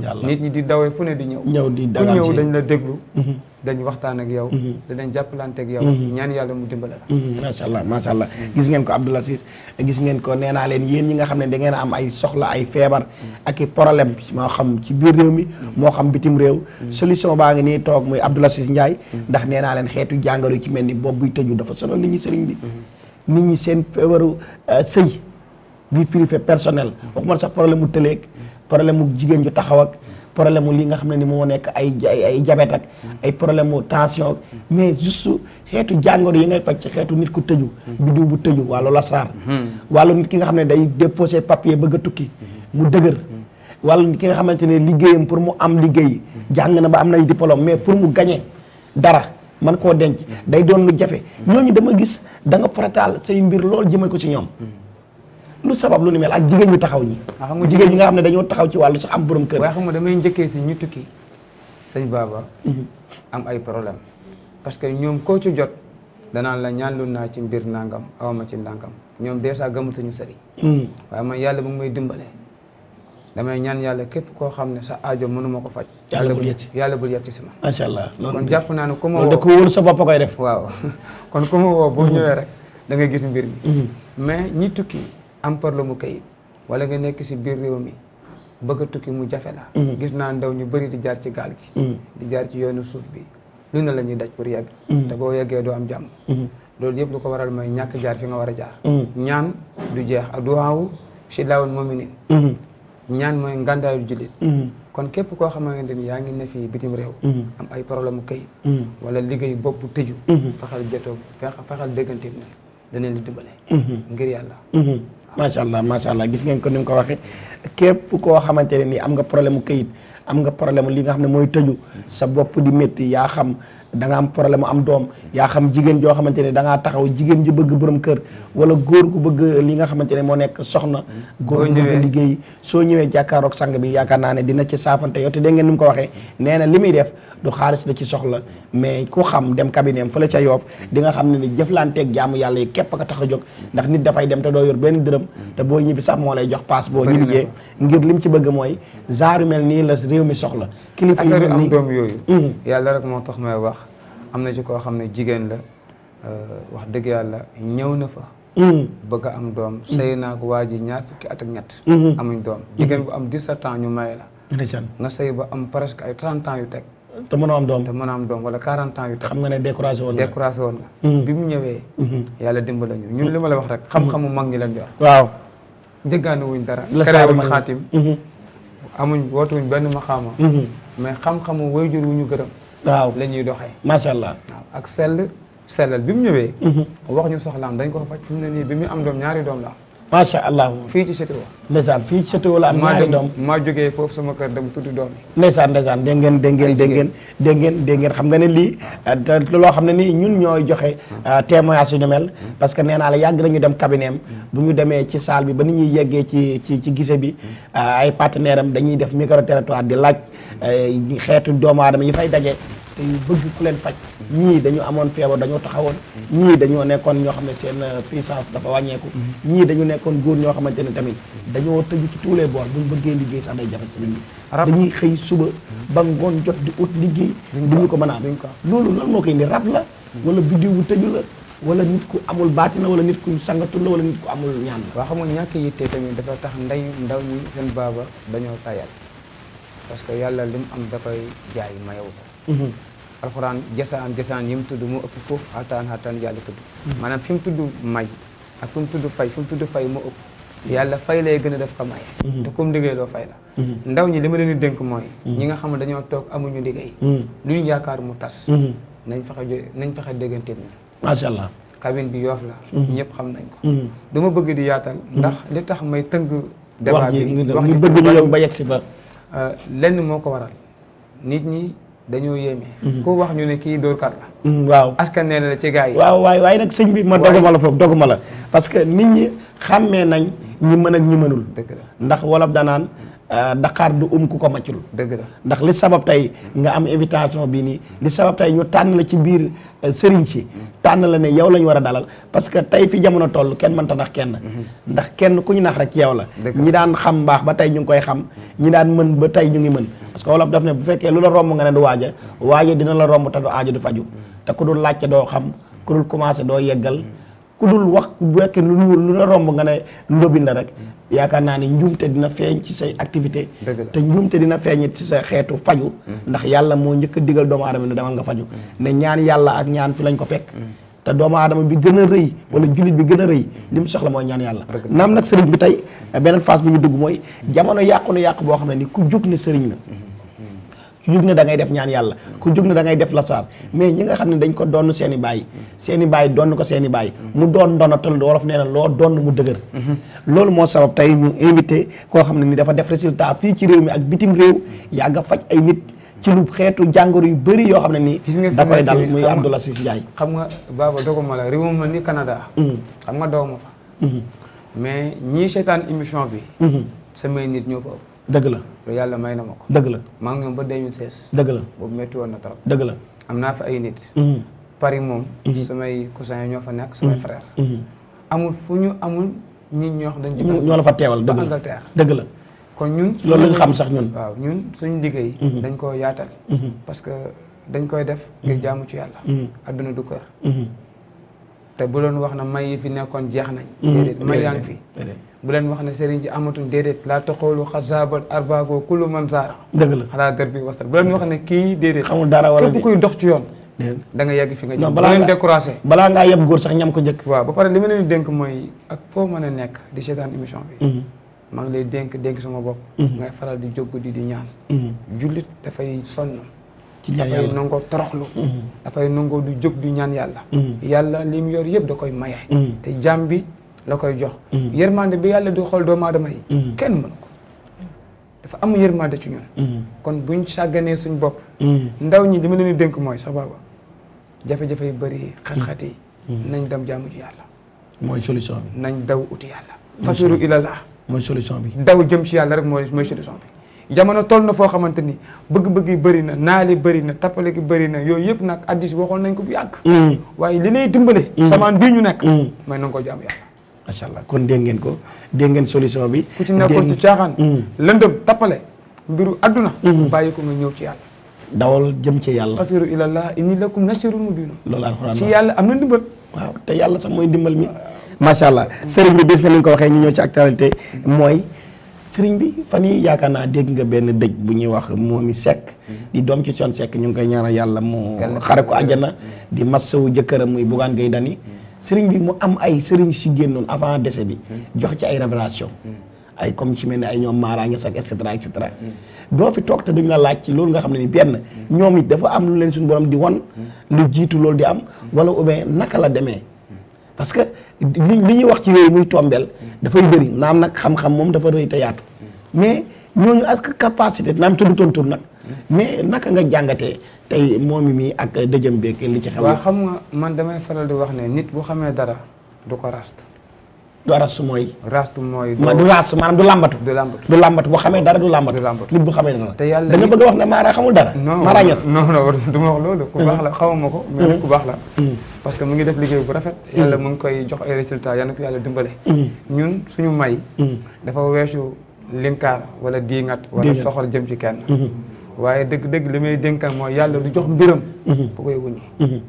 yàlla nit ñi di dawee fu ne di ñëw ñëw di ku ñëw dañ la déglu mm-hmm. dañ waxtaan ak yow mm-hmm. danañ jàppalante ak yow mm-hmm. ñaan yàlla mu dimbale la macha allah macha allah gis ngeen ko Abdou Aziz gis ngeen ko nee naa leen yéen ñi nga xam ne da ngeen a am ay soxla ay feebar ak i problème moo xam ci biir réew mi moo xam bitim réew solution baa ngi nii toog muy Abdou Aziz Ndiaye ndax nee naa leen xeetu jàngoro ci mel ni bopp buy tëju dafa sonal nit ñi sëriñ bi ñi seen feebaru euh, sëy vie privée personnelle waxuma sax problème mu tëleeg problème mu jigéen ju taxaw ak problème mu li nga xam ne ni moo nekk ay ay jabet ak ay problème mu tension mais juste xeetu jàngoro yi ngay faj ci xeetu nit ku tëju mm-hmm. biddiw bu tëju wàllu lasaar mm-hmm. wàllu nit ki nga xam ne day déposer papier bëgg a tukki mm-hmm. mu dëgër wàllu nit ki nga xamante ne liggéeyam pour mu am liggéey jàng na ba am nay diplôme mais pour mu gañe dara man koo denc day doon lu jafe ñooñu dama gis da nga farataal say mbir lool jëmee ko ci ñoom lu sabab lu ni mel ak jigéen ñu taxaw ñi. xam nga jigéen ñi nga xam ne dañoo taxaw ci wàllu sax am borom kër. waaye xam nga damay njëkkee si ñu tukki sëñ Baba. Mhm. am ay problème parce que ñoom koo ci jot danaan la ñaanlu naa ci mbir nangam awama ci ndànkam ñoom dèjà gëmatuñu sëriñ. Mhm. waaye man yàlla bu may dimbale. damay ñaan yàlla képp koo xam ne sa aajo mënuma ko faj. yàlla bul yetti yàlla bul yetti si ma. macha allah kon jàpp naa ne ku woo da ko sa bopp koy def. waaw kon ku ma mhm. ñëwee rek da gis mbir mi. mais tukki am parlo mu kayit wala nga nekk si biir réew mi bëgg a tukki mu jafe la mm-hmm. gis naa ndaw ñu bëri di jaar ci gaal gi mm-hmm. di jaar ci yoonu suuf bi lu ne la ñuy daj pour yegg mm-hmm. te boo yeggee doo am jàmm loolu yëpp lu ko waral mooy ñàkk jaar fi nga war a jaar ñaan du jeex aduwaawu si laawul muminin ñaan mooy ngàndaayu jullit kon képp koo xamante ni yaa ngi ne fii bitim réew am ay problème kayit wala liggéey bopp tëju fexeel jotoo fexeel dégganteeg na macha allah macha allah gis ngeen ko ni mu ko waxee képp koo xamante ne nii am nga problème mu am nga problème li nga xam ne mooy tëju sa bopp di métti yaa xam da nga am problème am doom yaa xam jigéen joo xamante ne da ngaa taxaw jigéen ji bëgg borom kër wala góor gu bëgg li nga xamante ne moo nekk soxna mm. góor gu liggéey soo ñëwee jàkkaaroog sang bi yaakaar naa ne dina ci saafante yow te dégg ngeen ni mu ko waxee nee na li muy def du xaalis la ci soxla mais ku xam dem cabinet am fële ca yoof di nga xam ne ni jëflanteeg jaamu yàlla yi képp ka tax a jóg ndax nit dafay dem te doo yor benn dërëm te boo ñibbi sax moo lay jox paas boo ñibbijee ngir lim ci bëgg mooy réew mi soxla. kilifa yi am doom yooyu. Mm-hmm. yàlla rek moo tax may wax am na ci koo xam ne jigéen la euh, wax dëgg yàlla ñëw na fa. Mm-hmm. bëgg am doom mm-hmm. sëy naa ko waa ji ñaar fukki at ak ñett. amuñ doom jigéen bu am 17 ans ñu may la. nga say ba am presque ay 30 ans yu teg. te mën a am doom te mën a am doom wala 40 ans yu teg. xam nga ne découragé woon nga découragé woon nga. bi mu ñëwee. yàlla dimbala ñu ñun li ma la wax rek. xam-xamu mag ñi leen yor. waaw. jëggaani wuñ dara. la amuñ wootuñ benn maxaama mhm. mais xam woy wayjur wu ñu gërëm waaw la ñuy doxee macha allah waaw ak sell sellal bi mu ñëwee mhm. wax ñu soxlaam dañ ko faj fi mu ne nii bi mu am doom ñaari doom la macha allah fii ci Sétéo. ndeysaan fii ci Sétéo la am. ñaari doom maa jógee foofu sama kër dem tuddi doom yi. ndeysaan ndeysaan dégg ngeen dégg ngeen dégg ngeen dégg ngeen dégg ngeen xam nga ni lii ah, loo xam ne nii ñun ñooy joxe ah, témoignage yu ñu mel. parce que nee naa la yàgg nañu dem cabinet am bu ñu demee ci saal bi ba ni ñuy yeggee ci ci ci gise bi ah, ay partenaire am dañuy def micro territoire di laaj xeetu doomu aadama yi fay dajee dañu bëgg ku leen faj ñii dañu amoon feebar dañoo taxawoon ñii dañoo nekkoon ñoo xam ne seen euh, puissance dafa wàññeeku ñii dañu nekkoon góor ñoo xamante ne tamit dañoo tëju ci tous les bords buñ bëggee liggéey sax day jafe si nit ñi dañuy xëy suba ba ngoon jot di ut liggéey duñu ko mën a am loolu loolu moo koy indi rab la wala biddiw bu tëju la wala nit ku amul baati la wala nit ku sangatul la wala nit ku amul ñaan la waaw xam nga ñàkk yitte tamit dafa tax ndey ndaw ñi seen baaba dañoo tayal parce que yàlla li am da koy jaay mayewu ko mhm. alxuraan jasaan jasaan yi mu tudd moo ëpp foofu xaataan xaataan yàlla tudd maanaam fi mu tudd may ak fi mu tudd fay fi mu tudd fay mu ëpp yàlla fay lay gën a def ko may mhm. te comme liggéey loo fay la mhm. ndaw ñi li ma dénk mooy mhm. ñi xam dañoo toog amuñu liggéey lu ñu yaakaar mu tas nañ fexe jo nañ fexe dégganteeg macha allah cabine bi yoof la ñëpp xam nañ ko bëgg di yaatal ndax li tax may tënk débat bi wax ñu bëgg ñu ba yegg si fa euh, lenn moo ko waral nit ñi dañoo yéeme. Mhm. ku wax ñu ne kii dóorkat la. Mhm, waaw askan nee na la ci yi. waaw waay waaye nag sëñ bi ma doguma la foofu doguma la parce que nit ñi xàmmee nañ ñi mën ak ñi mënul. dëgg la ndax wolof danaan euh, Dakar du um ku ko maccul. dëgg la ndax li sabab tey nga am invitation bii nii li sabab tey ñu tànn la ci biir euh, sëriñ si. Mhm. tànn la ne yow la ñu war a dalal parce que tey fi jamono toll kenn mënta nax kenn mhm. ndax kenn ku ñu nax rek ci yow la ñi daan xam mbaax ba tey ñu ngi koy xam ñi daan mën ba tey ñu ngi mën parce que wolof daf na bu fekkee lu la romb nga ne du waaja waaja dina la romb te du aajo du faju mhm. te ku dul laajte doo xam ku dul commencé doo yeggal ku dul wax bu wekkee lu lu la romb nga ne ndóbin la rek yaakaar naa ne njuum njuumte dina feeñ ci say activité te njuumte dina feeñ ci sa xeetu faju mm. ndax yàlla moo njëkk digal doomu aadama ne demal nga faju mm. ne ñaan yàlla ak ñaan fi lañ ko fekk mm. te doomu aadama bi gën a rëy wala jullit bi gën a rëy li mu soxla mooy ñaan yàlla naam nag sëriñ bi tey beneen phase bu ñu dugg mooy jamono yàqu na yàqu boo xam ne ni ku jóg ne sëriñ la jóg na da ngay def ñaan yàlla ku jóg na da ngay def lasaar mais ñi nga xam ne dañ ko doon seen i bàyyi seen i bàyyi doon ko seen i bàyyi mu doon ndonatal wolof nee na loo doon mu dëgër loolu moo sabab tey ñu invité koo xam ne ni dafa def résultat fii ci réew mi ak bitim réew yàgg faj ay nit ci lu xeetu jàngoro yu bëri yoo xam ne nii. gis nga dal muy Abdou Aziz Ndiaye. xam la réew ma ni Canada. Mm-hmm. xam nga doomu fa. Mm-hmm. mais ñii seetaan émission bi. Mm-hmm. samay nit ñoo fa dëgg la loolu yàlla may na ma ko dëgg la maa ngi ñoom ba 2016 dëgg la boobu métti woon na trop dëgg la am naa fa ay nit mm-hmm. Paris moom mm-hmm. samay cousin yi ñoo fa nekk samay mm-hmm. frère amul fu ñu amul nit ñoo xam dañ ci ñoo la fa teewal dëgg la dëgg la kon ñun loolu lañ xam sax ñun waaw ñun suñu liggéey dañ koo yaatal parce que dañ koy def ngir jaamu ci yàlla adduna du kër te bu leen wax na may yi fi nekkoon jeex nañ mm-hmm. déedéet may yaa fi bu leen wax ne sëriñ ci amatul déedéet laa taxoolu xasaabat arbaago kullu man saara dëgg la xalaa dër bi wastar bu leen wax ne kii déedéet xamul dara wala képp kuy dox ci yoon da nga yegg fi nga jëm bu leen découragé balaa ngaa yeb góor sax ñam ko njëkk waaw ba pare li ma leen dénk mooy ak foo mën a nekk di seetaan émission bi mm-hmm. maa ngi lay dénk dénk sama bopp mm-hmm. ngay faral di jóg di di ñaan jullit dafay sonn ci ñaan yàlla dafay nangoo toroxlu. Mm-hmm. dafay nangoo du jóg du ñaan yàlla. Mm-hmm. yàlla li mu yor yëpp da koy maye. Mm-hmm. te jaam bi la koy jox. yërmande bi yàlla du xool doomu aadama yi. kenn mënu ko dafa am yërmande ci ñun. kon buñ sàgganee suñ bopp. ndaw ñi li ma leen di dénk mooy sa baba jafe-jafe yu bari xat-xat nañ dem jaamu ji yàlla. mooy solution bi. nañ daw uti yàlla. fafiru ilallah. mooy solution bi. daw jëm ci yàlla rek mooy mooy solution bi. jamono toll na foo xamante ni bëgg-bëgg yi bëri na naali bëri na tappale gi bëri na yooyu yëpp nag addis waxoon nañ ko bu yàgg mm. waaye li lay dimbale mm. samaan bii ñu nekk may mm. nanga ko jaam yàlla macha allah kon dégg ngeen ko dégg ngeen solution bi ku ci nekkoon ci caaxaan lëndëm tappale mbiru adduna bàyyi ko nga ñëw ci yàlla dawal jëm ci yàlla afiru ilallah inni lakum nasirun mubin loolu alxuraan ci yàlla am na ndimbal waaw te yàlla sax mooy dimbal mi macha allah sëriñ bi bis nga ni ko waxee ñu ñëw ci actualité mooy sëriñ bi fan yi yaakaar naa dégg nga benn dëj bu ñuy wax moomi sekk di doom ci son sekk ñu ngi koy ñaanal yàlla mu xare ko àjjana di massawu jëkkëram muy Bougane Gueye Dany sëriñ bi mu am ay sëriñ si génnoon avant décès bi jox ci ay révélation ay comme ci mel ne ay ñoom maaraange sax et cetera et cetera doo fi toog te duñ na laaj ci loolu nga xam ne ni benn ñoom it dafa am lu leen suñu borom di won lu jiitu loolu di am wala ou naka la demee parce dafay bëri naam nag xam-xam moom dafa rëy te yaatu mais ñooñu ak capacité naam tudd tontur nag mais naka nga jàngatee tey moom mi ak dëjëm beeg li ci xew. waaw xam nga man damay faral di wax ne nit bu xamee dara du ko rast. du rastu mooy. rastu mooy. du rastu maanaam du làmbatu. du làmbatu du làmbatu boo xamee dara du làmbatu. du làmbatu nit bu xamee dara. te yàlla da bëgg a wax ne Mara xamul dara. Mara Niass non non du ma wax loolu. ku la xawma ko. mais mm-hmm. ku baax la. Mm-hmm. parce que mu ngi def liggéey bu rafet. yàlla mm-hmm. mu ngi koy jox ay résultats yal na ko yàlla dimbale. ñun suñu may. dafa weesu linkaar wala diingat. wala soxor jëm ci kenn. waaye dëgg-dëgg li may dénkaan mooy yàlla du jox mbiram. ku koy wuññi.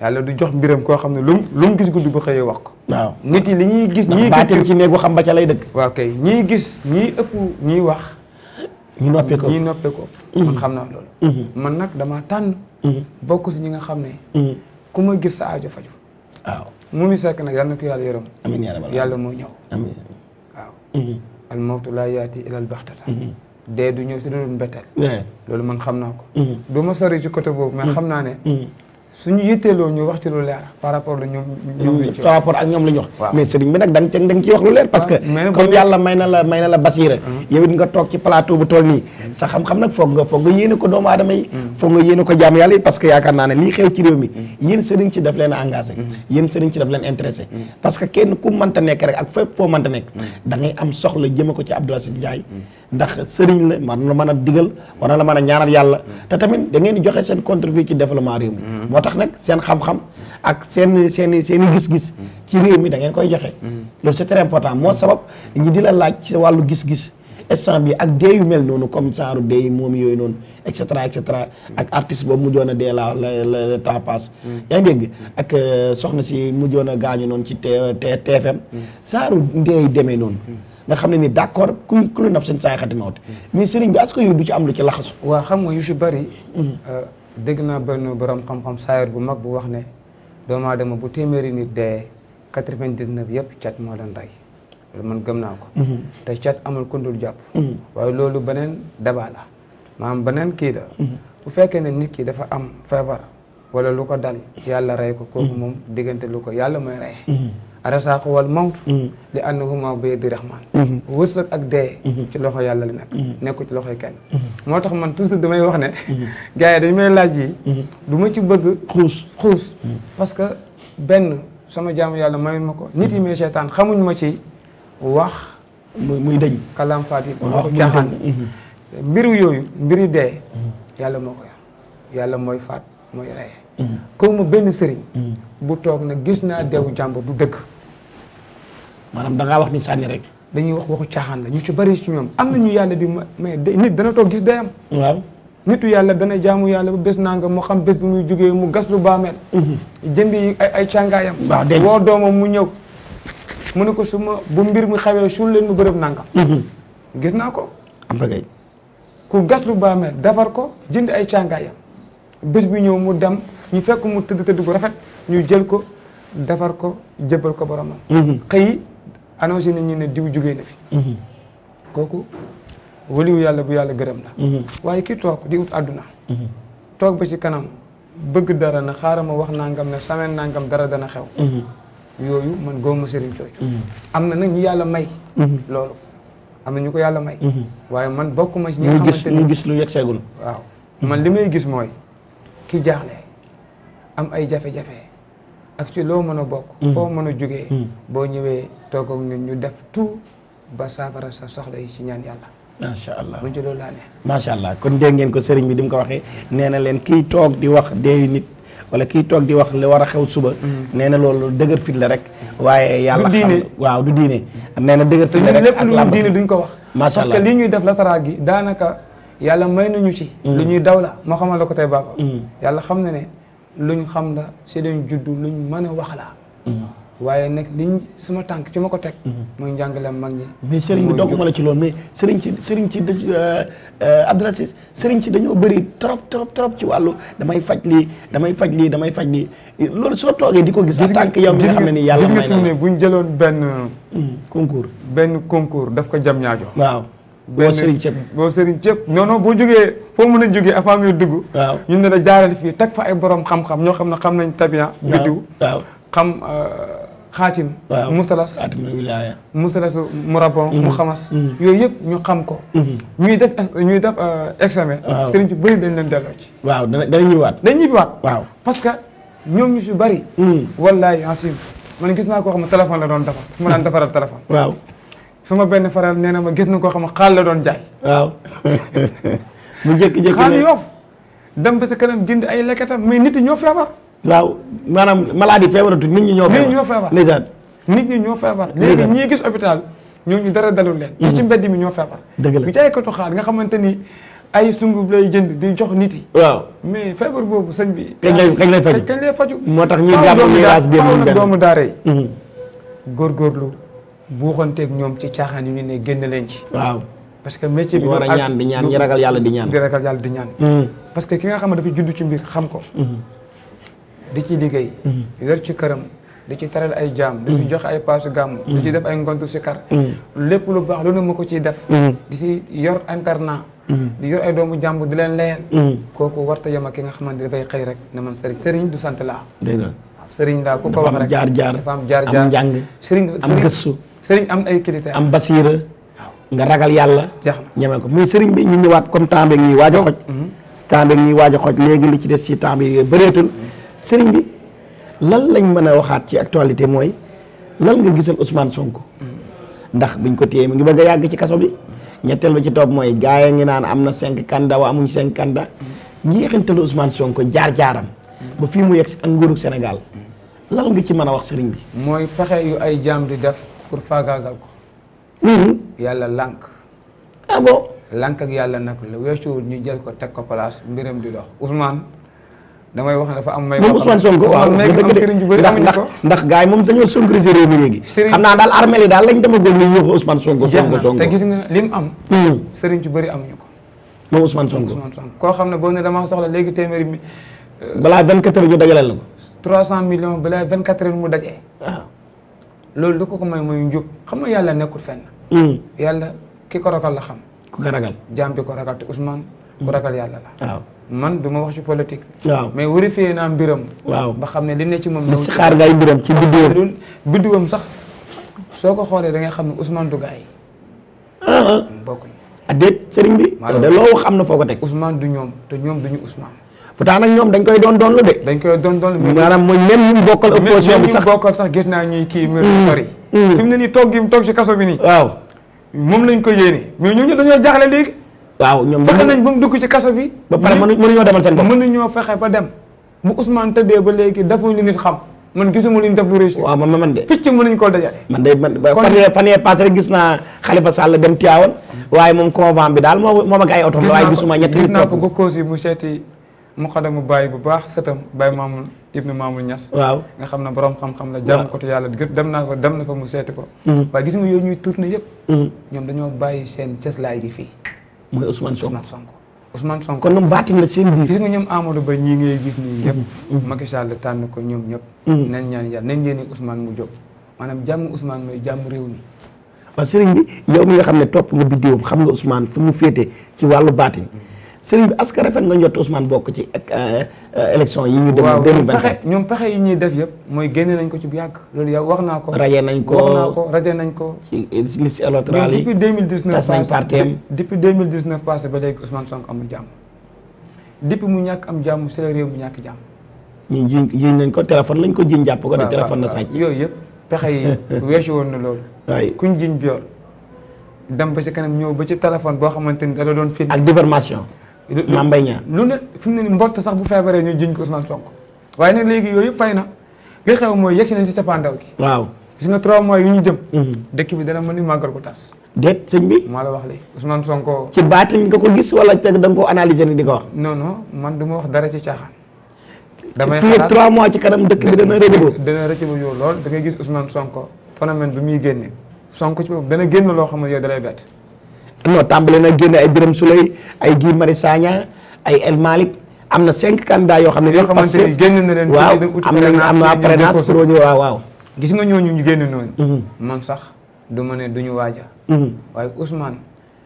yàlla du jox mbiram koo xam ne lu mu lu mu gis guddi bu xëyee wax ko. waaw nit yi li ñuy gis. ñii baatin ci xam ba ca lay dëkk. waaw kay ñii gis ñii ëpp ñuy wax. ñii noppee ko ñii noppee ko. Mhm. man xam naa loolu. Mhm. man nag dama tànn. Mhm. bokk si ñi nga xam ne. ku ma gis sa aajo faju waaw mu ngi sekk nag yal na ko yàlla yërëm. yàlla yàlla moo ñëw. amiin waaw. al laa yaati ilal baxtata. dee du ñëw si lu dul mbetteel. loolu man xam naa ko. du ma ci côté boobu mais xam naa ne. suñu yitteeloo ñu wax lu leer par rapport ak ñoom ñoom ñu wax mais sëriñ bi nag da nga da wax lu leer parce que ah, comme yàlla may na la may na la basiira ah. yow it nga toog ci plateau bu toll nii mm. sa xam-xam nag foog nga foog nga yéene ko doomu aadama yi mm. foog nga yéene ko jaam yàlla yi parce que yaakaar naa ne lii xew ci réew mi mm. yéen sëriñ ci daf leen a engagé sëriñ ci daf leen intéressé parce que kenn ku mënta nekk rek ak fépp foo mënta nekk da ngay am soxla jëme ko ci Abdou Aziz Ndiaye ndax sëriñ la man la mën a diggal war na la mën a ñaanal yàlla te tamit da ngeen di joxe seen contribué ci développement réew mi mm-hmm. moo tax nag seen xam-xam ak seen seen seen i gis-gis ci réew mi da ngeen koy joxe mm-hmm. loolu c'est très important moo sabab ñi di la laaj ci wàllu gis-gis instant bi ak dee yu mel noonu comme saaru dee yi moom yooyu noonu et cetera et cetera ak mm-hmm. artiste boobu mujjoon a dee la la la temps passe yaa ak euh, soxna si mujjoon a gaañu noonu ci T TFM saaru ndeey demee noonu nga xam ne ni d' accord ku ku lu naf seen saay xati mawte mais sëriñ bi est-ce du ci am lu ci laxasu waaw xam nga yu si bëri hmm. euh, dégg naa benn borom xam-xam saayar bu mag bu wax ne doomu aadama bu téeméeri nit dee quatre-vingt-dix-neuf yëpp cat moo leen rey man gëm naa ko hmm. te cat amul kundul jàpp hmm. waaye loolu beneen débat la maam beneen kii da bu fekkee ne nit ki dafa am feebar wala lu ko dal yàlla rey ko kooku moom diggante lu ko yàlla mooy rey arasaaku wal mawt mm-hmm. li annahuma bi yadi rahman mm-hmm. wërsëg ak dee mm-hmm. ci loxo yàlla la nekk nekku ci loxoy kenn moo tax man toujours damay wax ne gars yi dañu may laaj yi du ma ci bëgg xuus xuus parce que benn sama jaamu yàlla mayul ma ko nit yi may seetaan xamuñ ma ci wax muy dañ kalaam faati waxu caaxaan mbiru yooyu mbiru dee yàlla moo ko yàlla mooy faat mooy reye kaw ma benn sëriñ bu toog na gis naa deewu jàmbur du dëgg maanaam da wax ni sànni rek. dañuy wax waxu caaxaan la ñu ci bari ci ñoom am na ñu yàlla di mais nit dana toog gis dayam. waaw nitu yàlla benn jaamu yàlla bu bés nanga moo xam bés bu muy jógee mu gas lu baameel. Mhm. jëndi ay ay càngaayam. waaw denc woo doomam mu ñëw. ne ko su bu mbir mi xawee suul leen mu bërëb nangam. Mhm. gis naa ko. am na ku defar ko jënd ay càngaayam bés bu ñëw mu dem ñu fekk mu tëdd tëdd bu rafet ñu jël ko defar ko jëbal ko boromam. Mhm. xëy. si nañ ñu ne diw jógee na fi. Mhm. kooku waliwu yàlla bu yàlla gërëm la. Mhm. waaye ki toog di ut àdduna. Mhm. toog ba si kanam bëgg dara na xaaral ma wax nangam ne sameen nangam dara dana xew. yooyu man góob ma sëriñ coocu. am na nag ñu yàlla may. loolu am na ñu ko yàlla may. waaye man bokkuma ma ci ñi nga ñu gis lu yegg seegul. waaw man li may gis mooy kii jaaxle am ay jafe-jafe. ak ci loo mën a bokk mm. foo mën a jóge mm. boo ñëwee toog ak ñu def tout ba saafara sa soxla yi ci ñaan yàlla macha allah buñ ci loolu macha allah kon dégg ngeen ko sëriñ bi di ko waxee nee na leen kii toog di wax deeyu nit wala kii toog di wax li war a xew suba mm. nee na loolu dëgër fit rek waaye yàlla xam waaw du diine nee na dëgër fit la rek lépp lu ko wax macha allah parce ñuy def la taraag gi daanaka yàlla may nañu ci lu ñuy daw la moo xamal la ko tey baaba yàlla xam na ne luñ xam la si dañ juddu luñ mën a wax la waaye nag liñ suma tànk ci ma ko teg mooy njàngale man ñi mais sëriñ bi dogguma la ci loolu mais sëriñ si sëriñ si euh, Abdou Aziz sëriñ si dañoo bëri trop trop trop ci wàllu damay faj lii damay faj lii damay faj lii loolu soo toogee di ko gis en tant que yow mi nga xam ne ni yàlla may na gis nga fi jëloon benn hmm, concours benn concours daf ko jam ñaajo waaw boo ceeb cëpp boo sëriñ cëpp non non boo jógee foo mën a jógee avant ngay dugg ñun ne la jaaral fii teg fa ay borom xam-xam ñoo xam ne xam nañ tabian biddiw waaw xam euh, xaatim mustalas mustalas murabon mm-hmm. mu xamas mm-hmm. yooyu yëpp ñu xam ko mm-hmm. ñuy def ñuy def euh, examen sëriñ ci bëri dañ leen delloo ci waaw dañ ñibbiwaat dañ ñibbiwaat waaw parce que ñoom ñu si bëri mm. wallahi asim man gis naa koo xam ne la doon defar fu ma naan defaral téléphone waaw sama benn faral nee na ma gis na ko xam ne xaal la doon jaay. waaw jëkk jékki-jékki dem ba sa kanam jënd ay lekkatam mais nit ñi ñoo feebar. waaw maanaam maladie feebaratu nit ñi ñoo. feebar nit ñi ñoo feebar. nit ñi ñoo feebar. léegi ñii gis hôpital ñu dara dalul leen. ñu mm-hmm. ci mbedd mi ñoo feebar. dëgg la bu jaaykatu xaal nga xamante ni ay sungub lay jënd di jox nit yi. waaw mais feebar boobu sëñ bi. kañ lay kañ lay faju moo tax ñuy jàpp ñuy raas génn doomu daara yi mm-hmm. buuxanteeg ñoom ci caaxaan yu ñu ne génne leen ci. waaw parce que métier bi. war a ñaan di ñaan ñi ragal yàlla di ñaan. di ragal yàlla di ñaan. Mm. parce que ki nga xam ne dafa judd ci mbir xam ko. Mm-hmm. di ci liggéey. Mm-hmm. yor ci këram. di ci taral ay jaam. di ci mm-hmm. joxe ay paasu gàmm. di ci def ay ngontu si kar. lépp lu baax lu ne ma ko ciy def. di si yor internat. di yor ay doomu jàmbur di leen layal. kooku warta yem ak ki nga xamante dafay xëy rek ne man sëriñ sëriñ du sant laa. dëgg la sëriñ laa ku ko wax rek am jaar jaar dafa jaar jaar am njàng. sëriñ am gëstu. sëriñ am ay critères am basiira nga ragal yàlla. jeex na ñeme ko muy sëriñ bi ñu ñëwaat comme temps beeg ñuy xoj. Mm-hmm. temps beeg waaja waaj xoj léegi li ci des ci temps bi bëreetul. sëriñ bi lan lañ mën a waxaat ci actualité mooy lan nga gisal Ousmane Sonko. Mm-hmm. ndax biñ ko téyee mu ngi bëgg yàgg ci kaso bi. Mm-hmm. ñetteel ba ci topp mooy gaa yi ngi naan am na cinq candidats wa amuñ cinq candidats. njeexintalu Ousmane Sonko jaar-jaaram. ba fii mu yegg si ak nguurug Sénégal. lan nga ci mën a wax sëriñ bi. mooy pexe yu ay jaam di def. pour faagaagal ko. Hmm. yàlla lànk. ah bon lànk ak yàlla nag la weesuwul ñu jël ko teg ko place mbiram di dox Ousmane. damay wax dafa am may. moom Ousmane Sonko waaw ndax ndax gars moom dañoo sonkorisé réew mi naa daal armel daal lañ demagul ñu ñëw ko Ousmane Sonko. gis nga lim am. Serigne ci bëri amuñu ko. moom Ousmane Sonko Ousmane Sonko koo xam ne boo ne damaa soxla léegi téeméeri mi. balaa 24 heures ñu dajaleel la ko. 300 millions balaa 24 heures mu dajee. Ah. loolu du ko ko may muy njub xam nga yàlla nekkul fenn. Hmm. yàlla ki ko ragal la xam. ku ko ragal jaam bi ko ragal te Ousmane. ku hmm. ragal yàlla la. waaw man du ma wax ci politique. waaw mais vérifié naa mbiram. waaw ba xam ne li ne ci moom. xaar ngay mbiram ci biddiwam. biddiwam sax soo ko xoolee da ngay xam ne Ousmane du gaay. Ah, ah. bokkuñ. ah déet sëriñ bi. maa de loo wax am na foo ko teg. Ousmane du ñoom te ñoom du ñu Ousmane. pourtant nag ñoom dañ koy doon doon lu de. dañ koy doon doon lu ñu bokkal. opposition bi sax même bokkal sax gis naa ñuy kii. Mm. Mm. mu sori. fi bi moom ba mu dugg ci kaso bi. ba pare mënuñoo demal seen bopp mënuñoo fexe ba dem. bu de. picc mënuñ koo dajale. man de man fan yee fan yee passé rek gis naa Khalifa Sall dem Tivaouane. Mm. bi daal moom ak ay oto. waaye gisuma ñetti nit. gis naa ko gis naa mu xadamu bàyyi bu baax sëtam bàyyi maamul ibnu maamul ñas waaw nga xam ne borom xam la jàmm ko yàlla dem naa fa dem na fa mu seeti ko mm-hmm. waaye gis nga yooyu ñuy tourné yëpp mm-hmm. ñoom dañoo bàyyi seen cëslaay gi fii mooy Ousmane Sonko Ousmane Sonko kon ñoom baatin la seen biir gis nga ñoom Amadou Ba ñii ngay gis nii yëpp mm-hmm. Macky Sall tànn ko ñoom ñëpp nañ ñaan yàlla nañ yéene Ousmane mu jóg maanaam jàmm Ousmane mooy jàmm mi waaw sëriñ bi mi nga xam ne topp nga biddiwam xam nga Ousmane fu mu féete ci wàllu baatin sëriñ bi est-ce que rafet nga njot Ousmane bokk ci ak euh, euh, yi ñu ñoom pexe yi ñuy def yëpp mooy génne nañ ko ci bu loolu yow wax naa ko rajee nañ ko wax naa ko nañ ko ci euh, liste électorale yi depuis 2019 tas nañ depuis mu ñàkk am jàmm c'est réew mu ñàkk jàmm ñu jiñ jiñ nañ ko téléphone lañ ko jiñ jàpp ko ne téléphone na sàcc yëpp pexe woon na loolu waay kuñ jiñ viol dem ba ci kanam ñëw ba ci téléphone boo xamante ni da doon film ak diffamation Mame Mbaye Niang lu ne fi mu ne mbott sax bu feebaree ñu jiñ ko Ousmane Sonko waaye nag léegi yooyu yëpp fay na li xew mooy yegg si nañ si cappaandaw gi waaw gis nga trois mois yu ñu jëm mhm. dëkk bi dana mën ni màggal ko tas déet la wax léegi Ousmane Sonko ci baatin nga ko gis wala te da nga ko di ko wax non man du ma wax dara ci caaxaan damay xalaat trois mois ci kanam dëkk bi dana rëcc dana rëcc bu yow lool da ngay gis Ousmane Sonko phénomène bi muy génne Sonko ci boppam dana génn loo xam ne yow dalay bett non tàmbale na génne ay Birame Souleye ay Guy Marius Sagna ay El Malick am na cinq candidats yoo xam ne. yoo xamante ni na leen. waaw am nañu am na parrainage pour ñu waaw waaw. gis nga ñooñu ñu génn noonu. Mhm. man sax du ma ne du ñu waaja. Mhm. waaye Ousmane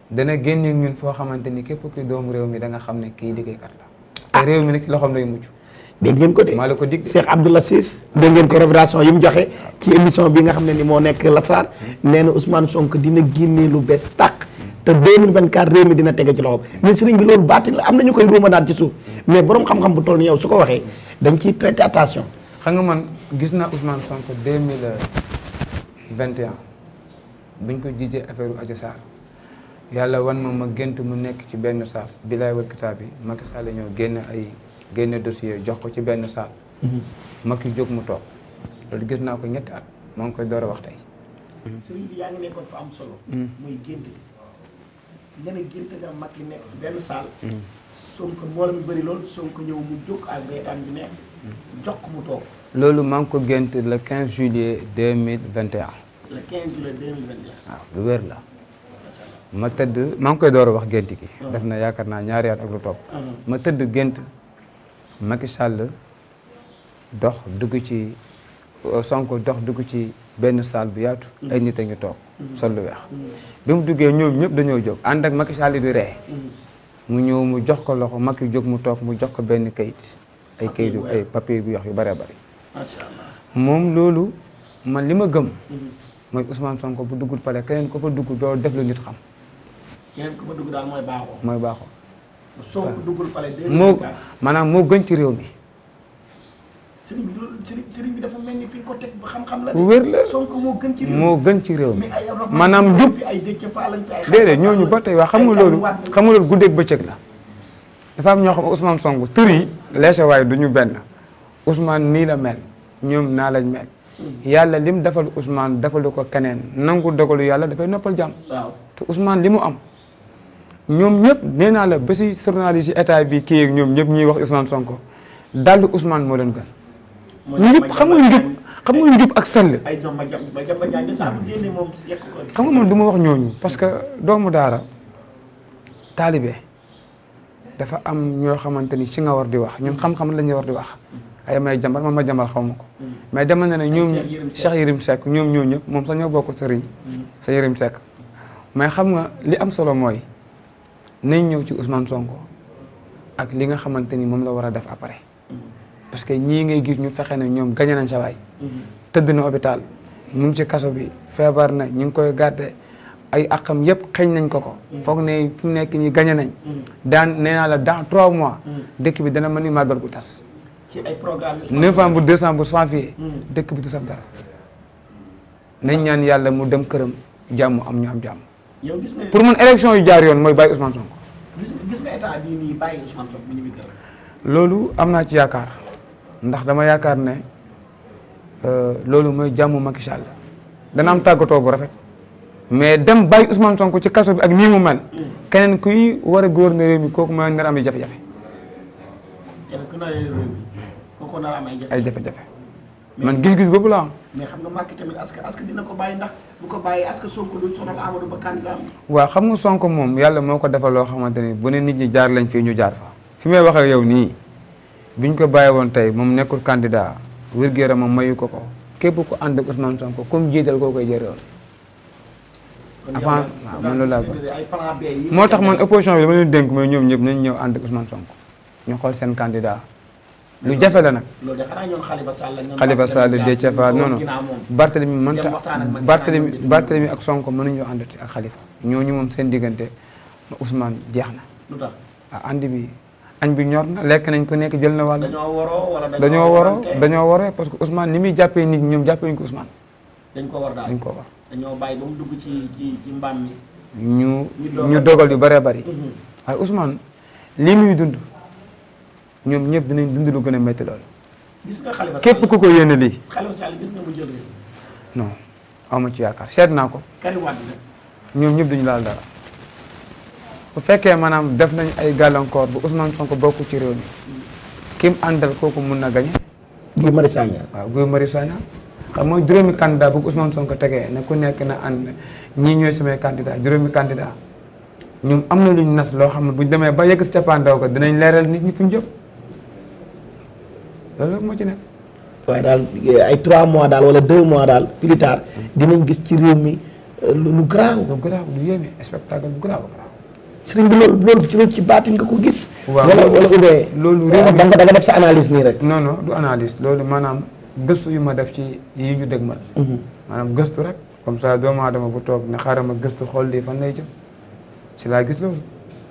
dana génne ñun foo xamante ni képp ki réew mi da nga xam ne kii liggéeykat la. te ah. réew mi nag ci loxoom mujj. dégg ngeen ko de ko dig Cheikh Abdoul Aziz dégg ngeen ko révélation yi mu joxe ci émission bi nga xam ne ni moo nekk Lassar mhm. nee na Ousmane Sonko dina génne lu bees tàq te 2024 réew mi dina tege ci loxo mais sëriñ bi loolu baatin la am na ñu koy ruumanaan ci suuf mais borom xam-xam bu toll ni yow su ko waxee dañ ciy prêter attention. xam nga man gis naa Ousmane Sonko 2021 buñ ko jiijee affaire u Adji yàlla wan ma ma gént mu nekk ci benn saal bilaay wal kitaab bi ma Sall ñëw génn ay génn dossier jox ko ci benn saal. Mm-hmm. Macky jóg mu toog loolu gis naa ko ñetti at moo ngi koy door a wax tey. sëriñ bi yaa ngi nekkoon fa am solo. Mm-hmm. muy nga ne gént nga mag mm. mm. loolu maa ko gént la 15 juillet 2021. le 15 juillet ah, lu wér la. ma tëdd maa ngi koy door a wax gént gi. Ah. def na yaakaar naa ñaari at ak lu topp. Ah. ma tëdd gént Macky sàll dox dugg ci Sonko dox dugg ci benn saal bu yaatu. Mm. ay nit a ngi toog. sol lu weex bi mu duggee ñoom ñëpp dañoo jóg ànd ak Macky Sall di ree mu ñëw mu jox ko loxo Macky jóg mu toog mu jox ko benn kayit ay kayit yu ay papier bu weex yu bëree bëri moom loolu man li ma gëm mm-hmm. mooy Ousmane Sonko bu duggul pare keneen ko fa dugg doo def la nit xam keneen mooy baaxoo mooy baaxoo moo maanaam moo gën ci réew mi sëriñ mel ni fi nga la. moo gën ci réew moo gën ci réew mi maanaam jub déedéet ñooñu ba tey waa xam nga loolu xam nga loolu guddeeg la dafa am ñoo xam Ousmane Sonko tër yi waaye du ñu benn Ousmane nii la mel ñoom naa la mel hmm. yàlla lim defal Ousmane defalu ko keneen nangu dogalu yàlla dafay noppal jàmm te Ousmane li mu am ñoom ñëpp ne naa la ba si journaliste yi état bi kii yeeg ñoom ñëpp ñuy wax Ousmane Sonko dallu Ousmane moo leen gën njub xam nga njub xam nga njub ak sell xam nga man du ma wax ñooñu parce que doomu daara taalibe dafa am ñoo xamante ni ci nga war di wax ñun xam-xam lañu war di wax ay may jàmbar man ma jàmbar xaw ma ko mm. mais dama ne ne ñoom Cheikh Yérim Seck ñoom ñoo ñëpp moom sax ñoo bokk sëriñ sa mm. Yérim sekk mais xam nga li am solo mooy nañ ñëw ci Ousmane Sonko ak li nga xamante ni moom la war a def après parce que ñii ngay gis ñu fexe ne ñoom gañe nañ sa waay tëdd na hôpital mu ci kaso bi feebar na ñu ngi koy garde ay akam yëpp xeñ nañ ko ko foog ne fu mu nekk nii gañe nañ daan nee la dans trois mois dëkk bi dana mën ni màggal gu tas ci ay programme novembre décembre janvier dëkk bi du saf dara nañ ñaan yàlla mu dem këram jàmm am ñu am jàmm yow gis nga pour man élection jaar yoon mooy bàyyi Ousmane Sonko. loolu am naa ci yaakaar ndax dama yaakaar ne euh, loolu mooy jàmmu Macky Sall dana am tàggatoo bu rafet mais dem bàyyi Ousmane Sonko ci kaso bi ak nii mu mel keneen kuy war a gouverner réew mi kooku ma nar am ay jafe-jafe. kooku nar ay jafe man gis-gis boobu la am. mais xam nga Macky que est-ce que dina ko xam nga Sonko moom yàlla moo ko defal loo xamante ni bu ne nit ñi jaar lañ fii ñu jaar fa fi may wax yow nii. biñ ko bàyyi woon tey moom nekkul candidat wér-gu-yaramam mayu ko ko képp ku ànd ak Ousmane Sonko comme jiital koo koy jëriñoon. avant waaw man loolu moo tax man opposition bi denk leen dénk mooy ñoom ñëpp nañ ñëw ànd ak Sonko ñu xool seen candidat lu jafe la nag. loolu de xanaa ñoom Khalifa Sall ñoom Khalifa Sall Déthié Fall non non Barthélemy mënta Barthélemy Barthélemy ak Sonko mënuñu àndati ak Khalifa ñooñu seen diggante Ousmane jeex na. lu tax ah, bi. añ bi ñor na lekk nañ ko nekk jël na wàll. dañoo waroo dañoo waroo dañoo waroo parce que Ousmane ni muy jàppee nit ñoom jàppee ñu ko Ousmane. dañ ko war daal dañ ko war. dañoo ba ci ci mbaam ñu ñu dogal yu bëree bari mhm. ay Ousmane lii muy dund ñoom ñëpp dinañ dund lu gën a métti loolu. gis képp ku ko yéene lii. Khalifa Sall gis nga ci yaakaar seet naa ko. Karim Wade ñoom ñëpp duñu laal dara. bu fekkee maanaam def nañ ay gàllankoor bu Ousmane Sonko bokk ci réew mi kim àndal kooku mun na gañe Guy Marius Sagna waaw Guy Marius Sagna xam nga juróomi candidat bu son ko tegee ne ku nekk na ànd ñii ñooy samay candidat juróomi candidat ñoom am na lu nas loo xam ne bu ñu demee ba yegg si cappaandaw ko dinañ leeral nit ñi fu ñu jëm loolu moo ci nekk. waaye daal eh, ay 3 mois daal wala 2 mois daal plus tard dinañ gis ci réew mi eh, lu garaaw. lu garaaw lu yéeme spectacle bu garaaw. sëriñ bi loolu ci loolu ci baatin nga ko gis. waaw loolu réew mi da def sa analyse nii rek. non non du analyse loolu maanaam gëstu yu ma def ci yi ñu dëgmal. Mhm. maanaam gëstu rek comme ça doomu aadama bu toog ne xaaral ma gëstu xool lii fan lay jëm si laa gis loolu.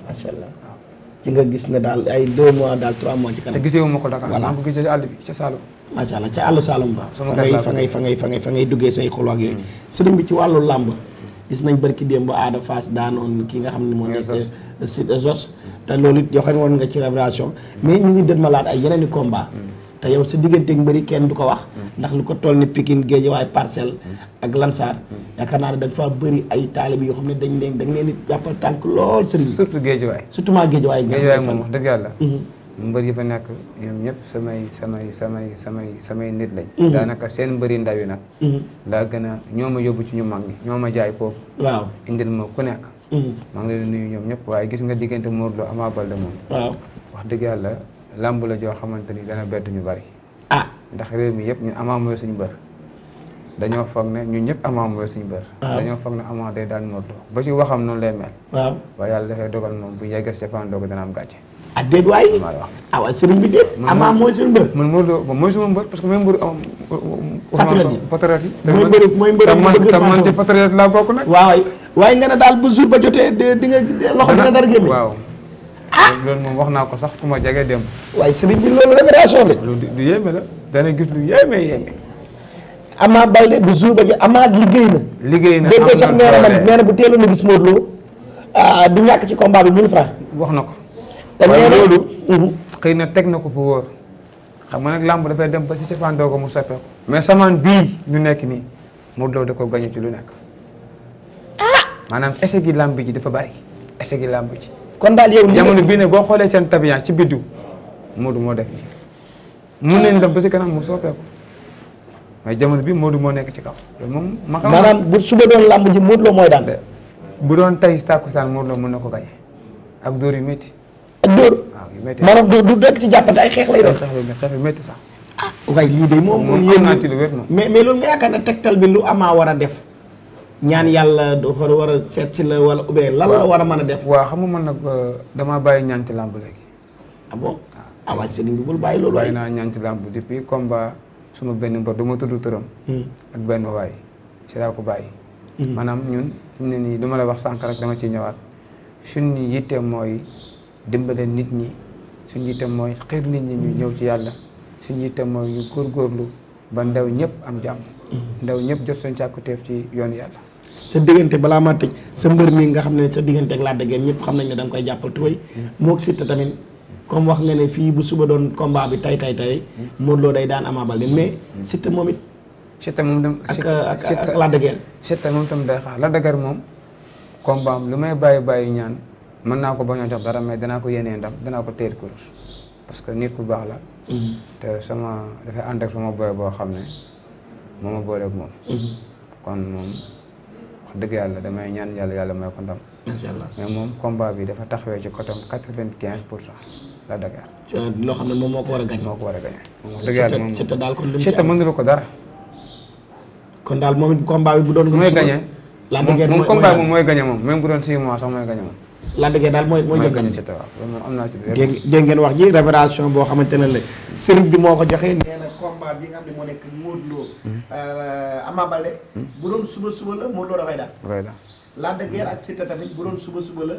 macha allah waaw ci nga gis ne daal ay deux mois daal trois mois ci kanam. te gisee wu ma ko Dakar. voilà maa ngi ko gisee ci àll bi ca Saloum. macha allah ca àllu Saloum fa ngay fa ngay ngay fa ngay duggee say xol yooyu. Mm. sëriñ bi ci wàllu làmb gis nañ bërki démb ba aada Fass daanoon ki nga xam ne moo nekk site Zos te loolu it joxe woon nga ci révélation mais ñu ngi dën laat ay yeneen i combat te yow sa digganteeg mbëri kenn du ko wax ndax lu ko toll ni Pikine Guédiawaye Parcelles ak Lansar yaakaar naa ne da nga faa bëri ay taalibe yoo xam ne dañ leen da nga leen di jàppal tànk lool sëriñ surtout Guédiawaye surtout maa Guédiawaye Guédiawaye moom dëgg yàlla mm-hmm. mbër yi fa nekk ñoom ñëpp samay samay samay samay samay nit lañ mhm. daanaka seen mbëri ndaw nag mhm. laa gën a ñoo ma yóbbu ci ñu mag ñi ñoo ma jaay foofu waaw indil ma ku nekk mhm. maa ngi leen ñoom ñëpp waaye gis nga diggante Modou Lo Ama Baldé wax dëgg yàlla làmb la joo xamante ni dana bett ñu bari ah ndax réew mi yëpp ñun Ama mooy suñu bër dañoo foog ne ñun ñëpp Ama mooy suñu mbër dañoo foog ne Ama day daan Modou Lo ba ci waxam noonu lay mel waaw waaye yàlla dafay dogal moom bu yeggee si fandoogo dana am gàcce ah déet waay. ah waaw sëriñ bi déet. amaa mooy suñu mbër. mooy suñu mbër parce que mooy mbër. patriote yi mooy mbër mooy mbër mu bëgg man ci patriote laa bokk nag. waaw waaye nga ne daal bu jour ba jotee di nga loxo dina dara génne. waaw ah! moom wax naa ko sax ku ma dem. waaye sëriñ bi loolu révélation la. loolu du yéeme la dana gis lu yéeme yéeme. Ama Baldé bu jour ba jotee Ama liggéey na. liggéey na am na doole sax nee na man bu teeloon a gis Modou Lo ah, du ñàkk ci combat bi 1000 francs wax na ko waaye loolu xëy na teg na ko fa wóor xam nga nag làmb dafay dem ba si cappaandoo ko mu soppeeku mais samaan bii ñu nekk nii mu Lo da ko gañe ci lu nekk ah! maanaam échec gi làmb ji dafa bari échec gi làmb ji kon daal yow jamono bii ne boo xoolee seen tabiyan ci biddu Modou moo def nii mun nañu dem ba mu soppeeku mais jamono bi Modou moo nekk ci kaw loolu moom ma xam maanaam bu suba doon làmb ji Modou Lo mooy daan bu doon tey tàkkusaan Modou Lo mën na ko gañe ak dóor yu métti ak dóor ah, maanaam du du dëkk ci jàppante ay xeex lay doon. ah waaye de moom moom yéen mais mais loolu nga yaakaar ne tegtal bi lu amaa war a def ñaan yàlla war a seet si la wala oubien la war a mën a def. waaw xam nga man nag euh, dama bàyyi ñaan ci làmb léegi. ah bon ah, bàyyi loolu waaye. bàyyi naa ñaan ci làmb depuis combat suma benn mbër du ma tudd turam. Hmm. ak benn waay si laa ko bàyyi. Hmm. maanaam ñun fi mu ne nii du ma la wax sànq rek dama ci ñëwaat suñu yitte mooy. dimbale nit ñi suñu itam mooy xir nit ñi ñu ñëw ci yàlla suñu itam mooy ñu góor góorgóorlu ba ndew ñëpp am jàmm. Mm-hmm. ndew ñëpp jot seen càkkuteef ci yoonu yàlla. sa diggante balaa ma tëj sa mbër mi nga xam ne sa diggante ak Lac de ñëpp xam nañ ne danga koy jàppal tubéy. Mm-hmm. moo Siteu tamit comme wax nga ne fii bu suba doon combat bi tay tay tay mm-hmm. Modou day daan Ama Baldé mais moom it. Siteu moom tam ak ak ak Lac de moom tam day xaar Lac de moom combat am lu may bàyyi bàyyi ñaan. mën naa ko bañ a jox dara mais danaa ko yéenee ndam danaa ko téyel kurus parce que nit ku baax la. Mm-hmm. te sama dafay ànd ak sama boy boo xam ne moo ma booleeg moom. Mm-hmm. kon dëgg yàlla damay ñaan yàlla yàlla may ko ndam. macha allah mais bi dafa taxawee ci côté am quatre vingt pour cent la Dakar. loo xam ne moom moo ko war a gañ. moo dëgg yàlla moom Siteu daal kon lu mu ci am ko dara. kon daal moom it bi bu doon. la Dakar mooy combat bi moom mooy gañe bu doon six mois sax mooy gañe moom. la dëggee daal mooy mooy gën ci taw am naa ci dégg ngeen wax ji révélation boo xamante ne la sëriñ bi moo ko joxee nee na combat bi nga xam ne moo nekk Modou Lo hmm. euh, Ama Baldé hmm. bu doon suba suba la Modou Lo dafay daal la dëggee ak Siteu tamit bu doon suba suba la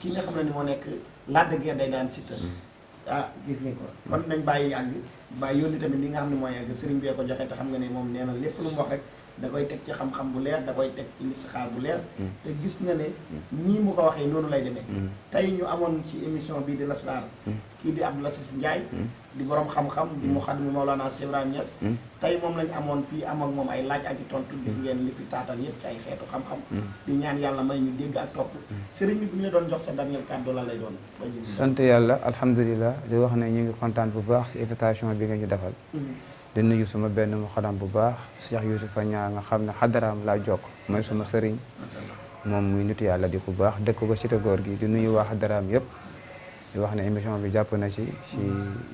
ki nga xam ne ni moo nekk la dëggee day daan Siteu hmm. ah gis nga ko kon nañ bàyyi yàgg bàyyi yónni tamit li nga xam ne mooy yàgg sëriñ bi ko joxe te xam nga ne moom nee na lépp lu mu wax rek da koy teg ci xam-xam bu leer da koy teg ci listixaar bu leer mm. te gis na ne mm. nii mu ko waxee noonu lay demee mm. tey ñu amoon ci émission bii di lasrar kii di Abdou Aziz Ndiaye di borom xam-xam di mu xadmu Mawlana tey moom lañ amoon fii am moom ay laaj ak i tontu gis ngeen li fi taatal yëpp ci ay xeetu xam-xam di ñaan yàlla may ñu dégg ak topp sëriñ bi bu ñu la doon jox sa dernier kàddu la lay doon sant yàlla alhamdulilah di wax ne ñu ngi kontaan bu baax si invitation bi nga ñu defal di nuyu sama benn mu xadam bu baax Cheikh Youssoufa Niang nga xam ne daraam laa jokk mooy suma sëriñ moom muy nitu yàlla di bu baax dëkk ko cité góor gi di nuyu waa daraam yëpp di wax ne émission bi jàpp na ci ci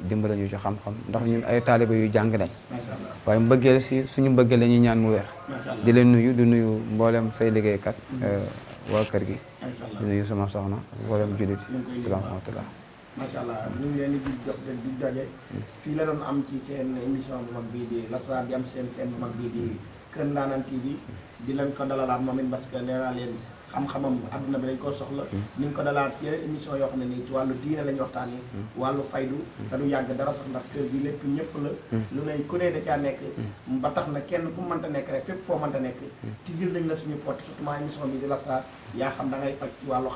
dimbala ñu ci xam-xam ndax ñu ay taaliba yu jàng nañ waaye mbëggeel si suñu mbëggeel la ñaan mu wér di leen nuyu di nuyu mbooleem say liggéeykat mm-hmm. eh, waa kër gi di nuyu sama soxna mbooleem julit mm-hmm. salaam wa macha allah ñu ngi leen di jox leen di daje fii la doon am ci seen émission bu mag bii di lasrar di am seen seen bu mag bii di Kër Ndaanaan TV di leen ko dalalaat moom it parce leen xam-xamam adduna bi dañ koo soxla mm. ni ñu ko dalaat ci yeneen émission yoo xam ne nii ci wàllu diine lañu waxtaani mm. wàllu faydu mm. te du yàgg dara sax ndax kër gi lépp ñëpp la lu ne ku da caa nekk ba tax na kenn ku mënta nekk rek fépp foo mënta nekk tijjil nañ la suñu porte surtout émission bi yaa xam da ngay faj ci wàllu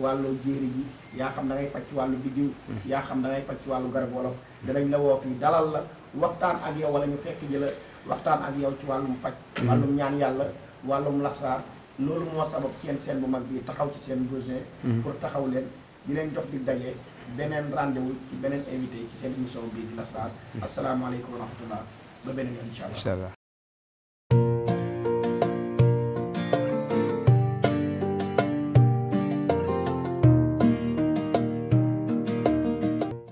wàllu jéere ji yaa xam na ngay faj ci wàllu biddiw hmm. yaa xam na ngay faj ci wàllu garab wolof danañ la woo fii dalal la waxtaan ak yow wala ñu fekk ji waxtaan ak yow ci wàllum faj hmm. wàllum ñaan yàlla wàllum lasaar loolu moo sabab seen seen bu mag bi taxaw ci seen besoin hmm. pour taxaw leen ñu leen jox di daje beneen rendez-vous ci beneen invité ci seen émission bii di lasaar asalaamaaleykum wa rahmatullah ba beneen yoon allah